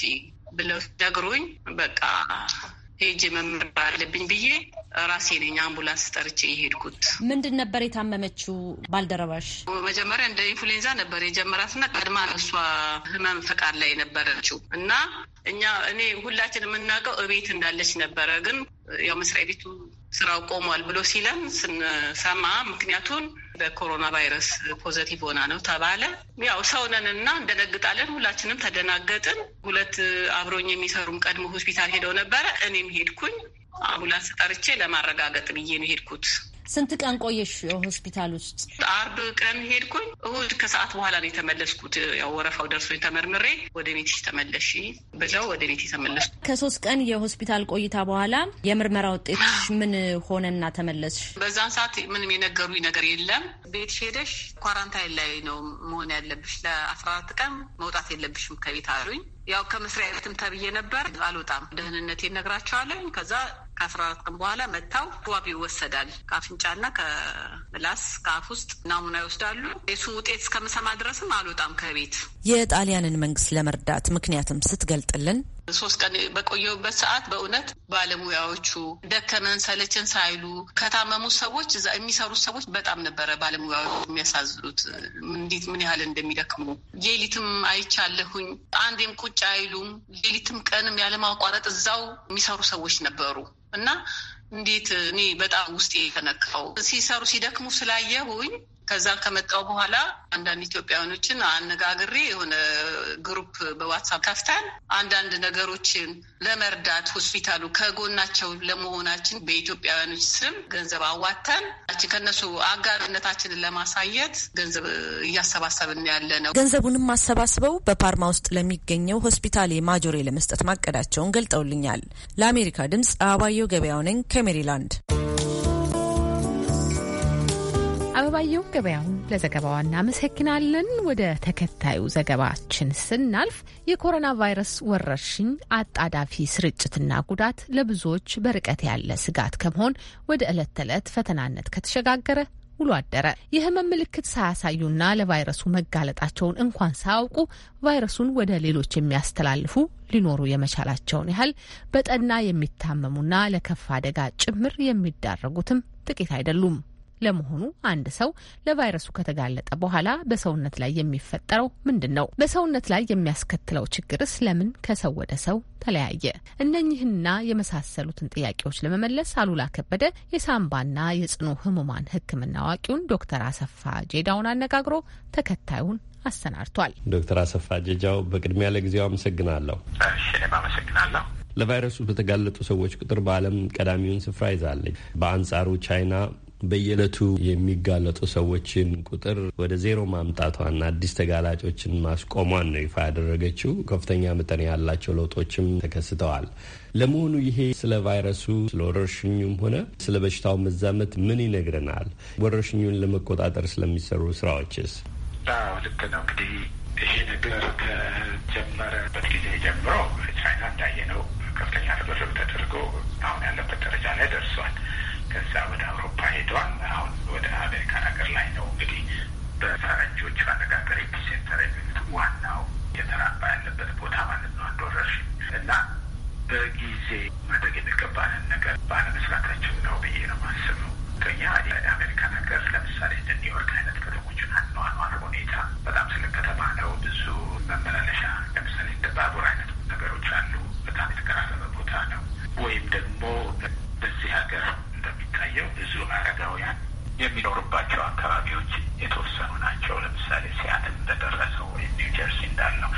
ብለው ነግሩኝ በቃ ሄጅ መምር አለብኝ ብዬ ራሴ ነኝ አምቡላንስ ጠርቼ የሄድኩት። ምንድን ነበር የታመመችው ባልደረባሽ? መጀመሪያ እንደ ኢንፍሉዌንዛ ነበር የጀመራትና ቀድማ እሷ ህመም ፈቃድ ላይ ነበረችው እና እኛ እኔ ሁላችን የምናውቀው እቤት እንዳለች ነበረ። ግን ያው መስሪያ ቤቱ ስራው ቆሟል ብሎ ሲለን ስንሰማ ምክንያቱን በኮሮና ቫይረስ ፖዘቲቭ ሆና ነው ተባለ። ያው ሰውነን እና እንደነግጣለን። ሁላችንም ተደናገጥን። ሁለት አብሮኝ የሚሰሩም ቀድሞ ሆስፒታል ሄደው ነበረ። እኔም ሄድኩኝ። አምቡላንስ ጠርቼ ለማረጋገጥ ብዬ ነው ሄድኩት። ስንት ቀን ቆየሽ ሆስፒታል ውስጥ? አርብ ቀን ሄድኩኝ። እሁድ ከሰዓት በኋላ ነው የተመለስኩት። ያው ወረፋው ደርሶኝ ተመርምሬ ወደ ቤትሽ ተመለሽ በዛው ወደ ቤት የተመለስኩ። ከሶስት ቀን የሆስፒታል ቆይታ በኋላ የምርመራ ውጤት ምን ሆነና ተመለስሽ? በዛን ሰዓት ምንም የነገሩኝ ነገር የለም። ቤት ሄደሽ ኳራንታይን ላይ ነው መሆን ያለብሽ፣ ለአስራ አራት ቀን መውጣት የለብሽም ከቤት አሉኝ። ያው ከመስሪያ ቤትም ተብዬ ነበር። አልወጣም፣ ደህንነቴን እነግራቸዋለሁ። ከዛ ከአስራ አራት ቀን በኋላ መታው ዋቢ ይወሰዳል። ከአፍንጫና ከምላስ ከአፍ ውስጥ ናሙና ይወስዳሉ። የሱ ውጤት እስከምሰማ ድረስም አልወጣም ከቤት። የጣሊያንን መንግስት ለመርዳት ምክንያትም ስትገልጥልን ሶስት ቀን በቆየሁበት ሰዓት በእውነት ባለሙያዎቹ ደከመን ሰለችን ሳይሉ ከታመሙ ሰዎች እዛ የሚሰሩት ሰዎች በጣም ነበረ ባለሙያዎቹ የሚያሳዝኑት፣ እንዴት ምን ያህል እንደሚደክሙ ሌሊትም አይቻለሁኝ። አንዴም ቁጭ አይሉም። ሌሊትም ቀንም ያለማቋረጥ እዛው የሚሰሩ ሰዎች ነበሩ እና እንዴት እኔ በጣም ውስጤ የተነካው ሲሰሩ ሲደክሙ ስላየሁኝ ከዛ ከመጣው በኋላ አንዳንድ ኢትዮጵያውያኖችን አነጋግሬ የሆነ ግሩፕ በዋትሳፕ ከፍታል አንዳንድ ነገሮችን ለመርዳት ሆስፒታሉ ከጎናቸው ለመሆናችን በኢትዮጵያውያኖች ስም ገንዘብ አዋተን ከነሱ አጋርነታችንን ለማሳየት ገንዘብ እያሰባሰብን ያለ ነው። ገንዘቡንም አሰባስበው በፓርማ ውስጥ ለሚገኘው ሆስፒታል የማጆሬ ለመስጠት ማቀዳቸውን ገልጠውልኛል። ለአሜሪካ ድምፅ አበባየሁ ገበያው ነኝ ከሜሪላንድ። አበባየው ገበያውን ለዘገባዋ እናመሰግናለን። ወደ ተከታዩ ዘገባችን ስናልፍ የኮሮና ቫይረስ ወረርሽኝ አጣዳፊ ስርጭትና ጉዳት ለብዙዎች በርቀት ያለ ስጋት ከመሆን ወደ ዕለት ተዕለት ፈተናነት ከተሸጋገረ ውሎ አደረ። የህመም ምልክት ሳያሳዩና ለቫይረሱ መጋለጣቸውን እንኳን ሳያውቁ ቫይረሱን ወደ ሌሎች የሚያስተላልፉ ሊኖሩ የመቻላቸውን ያህል በጠና የሚታመሙና ለከፍ አደጋ ጭምር የሚዳረጉትም ጥቂት አይደሉም። ለመሆኑ አንድ ሰው ለቫይረሱ ከተጋለጠ በኋላ በሰውነት ላይ የሚፈጠረው ምንድን ነው? በሰውነት ላይ የሚያስከትለው ችግርስ ለምን ከሰው ወደ ሰው ተለያየ? እነኚህና የመሳሰሉትን ጥያቄዎች ለመመለስ አሉላ ከበደ የሳምባና የጽኑ ህሙማን ሕክምና አዋቂውን ዶክተር አሰፋ ጄዳውን አነጋግሮ ተከታዩን አሰናድቷል። ዶክተር አሰፋ ጄጃው በቅድሚያ ለጊዜው አመሰግናለሁ። አመሰግናለሁ። ለቫይረሱ በተጋለጡ ሰዎች ቁጥር በዓለም ቀዳሚውን ስፍራ ይዛለች። በአንጻሩ ቻይና በየዕለቱ የሚጋለጡ ሰዎችን ቁጥር ወደ ዜሮ ማምጣቷና አዲስ ተጋላጮችን ማስቆሟን ነው ይፋ ያደረገችው። ከፍተኛ መጠን ያላቸው ለውጦችም ተከስተዋል። ለመሆኑ ይሄ ስለ ቫይረሱ ስለ ወረርሽኙም ሆነ ስለ በሽታው መዛመት ምን ይነግረናል? ወረርሽኙን ለመቆጣጠር ስለሚሰሩ ስራዎችስ? ልክ ነው እንግዲህ ይሄ ነገር ከጀመረበት ጊዜ ጀምሮ ቻይና እንዳየነው ከፍተኛ ርብርብ ተደርጎ አሁን ያለበት ደረጃ ላይ ደርሷል። ከዛ ወደ አውሮፓ ሄደዋል። አሁን ወደ አሜሪካን ሀገር ላይ ነው እንግዲህ በፈረንጆች አነጋገር ኤፒሴንተር የሚሉት ዋናው የተራባ ያለበት ቦታ ማለት ነው አንድ ወረርሽኝ እና በጊዜ ማድረግ የሚገባንን ነገር ባለመስራታችን ነው ብዬ ነው ማስበው። ከኛ የአሜሪካን ሀገር ለምሳሌ እንደ ኒውዮርክ አይነት ከተሞችን አኗኗር ሁኔታ በጣም ስለ ከተማ ነው። ብዙ መመላለሻ ለምሳሌ እንደ ባቡር አይነት ነገሮች አሉ። በጣም የተቀራረበ ቦታ ነው። ወይም ደግሞ በዚህ ሀገር የሚታየው ብዙ አረጋውያን የሚኖሩባቸው አካባቢዎች የተወሰኑ ናቸው። ለምሳሌ ሲያትል እንደደረሰው ወይም ኒውጀርሲ እንዳለው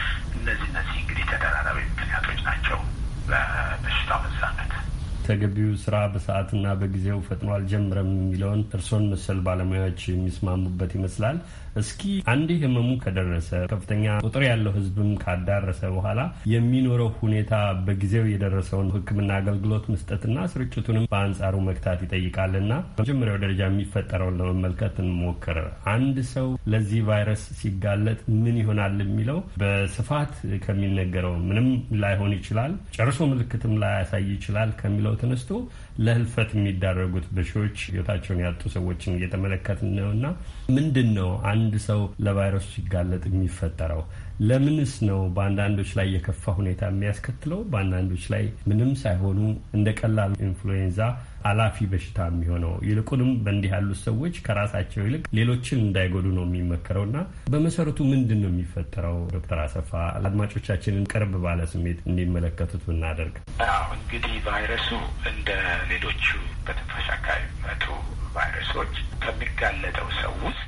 ተገቢው ስራ በሰዓትና በጊዜው ፈጥኖ አልጀምረም የሚለውን እርሶን መሰል ባለሙያዎች የሚስማሙበት ይመስላል። እስኪ አንዴ ህመሙ ከደረሰ ከፍተኛ ቁጥር ያለው ህዝብም ካዳረሰ በኋላ የሚኖረው ሁኔታ በጊዜው የደረሰውን ሕክምና አገልግሎት መስጠትና ስርጭቱንም በአንጻሩ መግታት ይጠይቃልና መጀመሪያው ደረጃ የሚፈጠረውን ለመመልከት እንሞክር። አንድ ሰው ለዚህ ቫይረስ ሲጋለጥ ምን ይሆናል የሚለው በስፋት ከሚነገረው ምንም ላይሆን ይችላል፣ ጨርሶ ምልክትም ላያሳይ ይችላል ከሚለው ተነስቶ ለህልፈት የሚዳረጉት በሺዎች ህይወታቸውን ያጡ ሰዎችን እየተመለከት ነው እና ምንድን ነው አንድ ሰው ለቫይረሱ ሲጋለጥ የሚፈጠረው ለምንስ ነው በአንዳንዶች ላይ የከፋ ሁኔታ የሚያስከትለው፣ በአንዳንዶች ላይ ምንም ሳይሆኑ እንደ ቀላል ኢንፍሉዌንዛ አላፊ በሽታ የሚሆነው? ይልቁንም በእንዲህ ያሉት ሰዎች ከራሳቸው ይልቅ ሌሎችን እንዳይጎዱ ነው የሚመከረው እና በመሰረቱ ምንድን ነው የሚፈጠረው? ዶክተር አሰፋ አድማጮቻችንን ቅርብ ባለ ስሜት እንዲመለከቱት ብናደርግ። እንግዲህ ቫይረሱ እንደ ሌሎቹ በትንፋሽ አካባቢ መቱ ቫይረሶች ከሚጋለጠው ሰው ውስጥ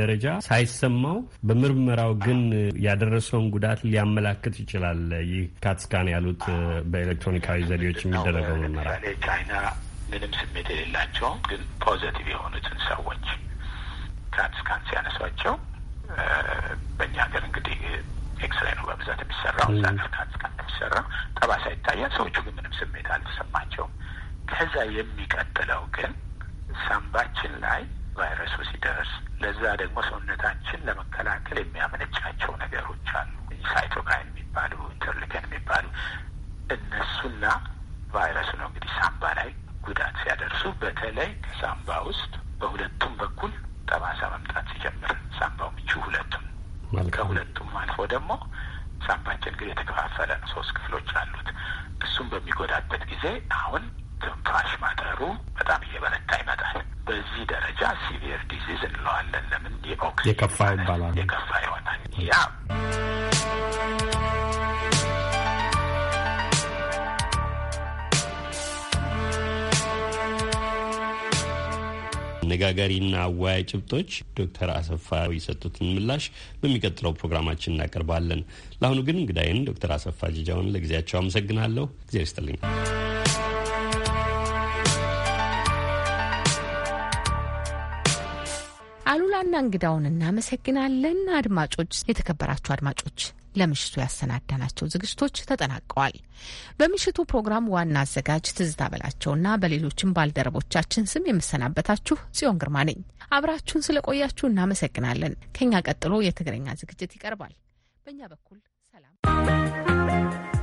ደረጃ ሳይሰማው በምርመራው ግን ያደረሰውን ጉዳት ሊያመላክት ይችላል። ይህ ካትስካን ያሉት በኤሌክትሮኒካዊ ዘዴዎች የሚደረገው ምርመራ ቻይና ምንም ስሜት የሌላቸውም ግን ፖዘቲቭ የሆኑትን ሰዎች ካትስካን ሲያነሷቸው በእኛ ሀገር እንግዲህ ኤክስሬይ ነው በብዛት የሚሰራው። እዛ ካትስካን የሚሰራው ጠባሳ ይታያል። ሰዎቹ ግን ምንም ስሜት አልተሰማቸውም። ከዛ የሚቀጥለው ግን ሳምባችን ላይ ቫይረሱ ሲደርስ ለዛ ደግሞ ሰውነታችን ለመከላከል የሚያመነጫቸው ነገሮች አሉ። ሳይቶካይን የሚባሉ ኢንተርሊከን የሚባሉ እነሱና ቫይረሱ ነው እንግዲህ ሳምባ ላይ ጉዳት ሲያደርሱ በተለይ ከሳምባ ውስጥ በሁለቱም በኩል ጠባሳ መምጣት ሲጀምር ሳምባው ምቹ ሁለቱም ከሁለቱም አልፎ ደግሞ ሳምባችን ግን የተከፋፈለ ነው፣ ሶስት ክፍሎች አሉት። እሱም በሚጎዳበት ጊዜ አሁን ትንፋሽ ማጠሩ በጣም እየበረታ ይመጣል። በዚህ ደረጃ ሲቪየር ዲዚዝ እንለዋለን። ለምን የኦክሲጅን የከፋ ይባላል፣ የከፋ ይሆናል። ያ አነጋጋሪና አወያይ ጭብጦች ዶክተር አሰፋ የሰጡትን ምላሽ በሚቀጥለው ፕሮግራማችን እናቀርባለን። ለአሁኑ ግን እንግዳይን ዶክተር አሰፋ ጅጃውን ለጊዜያቸው አመሰግናለሁ። እግዚአብሔር ይስጥልኝ። ዋና እንግዳውን እናመሰግናለን። አድማጮች፣ የተከበራችሁ አድማጮች ለምሽቱ ያሰናዳናቸው ዝግጅቶች ተጠናቀዋል። በምሽቱ ፕሮግራም ዋና አዘጋጅ ትዝታ በላቸውና በሌሎችም ባልደረቦቻችን ስም የምሰናበታችሁ ጽዮን ግርማ ነኝ። አብራችሁን ስለቆያችሁ እናመሰግናለን። ከኛ ቀጥሎ የትግረኛ ዝግጅት ይቀርባል። በእኛ በኩል ሰላም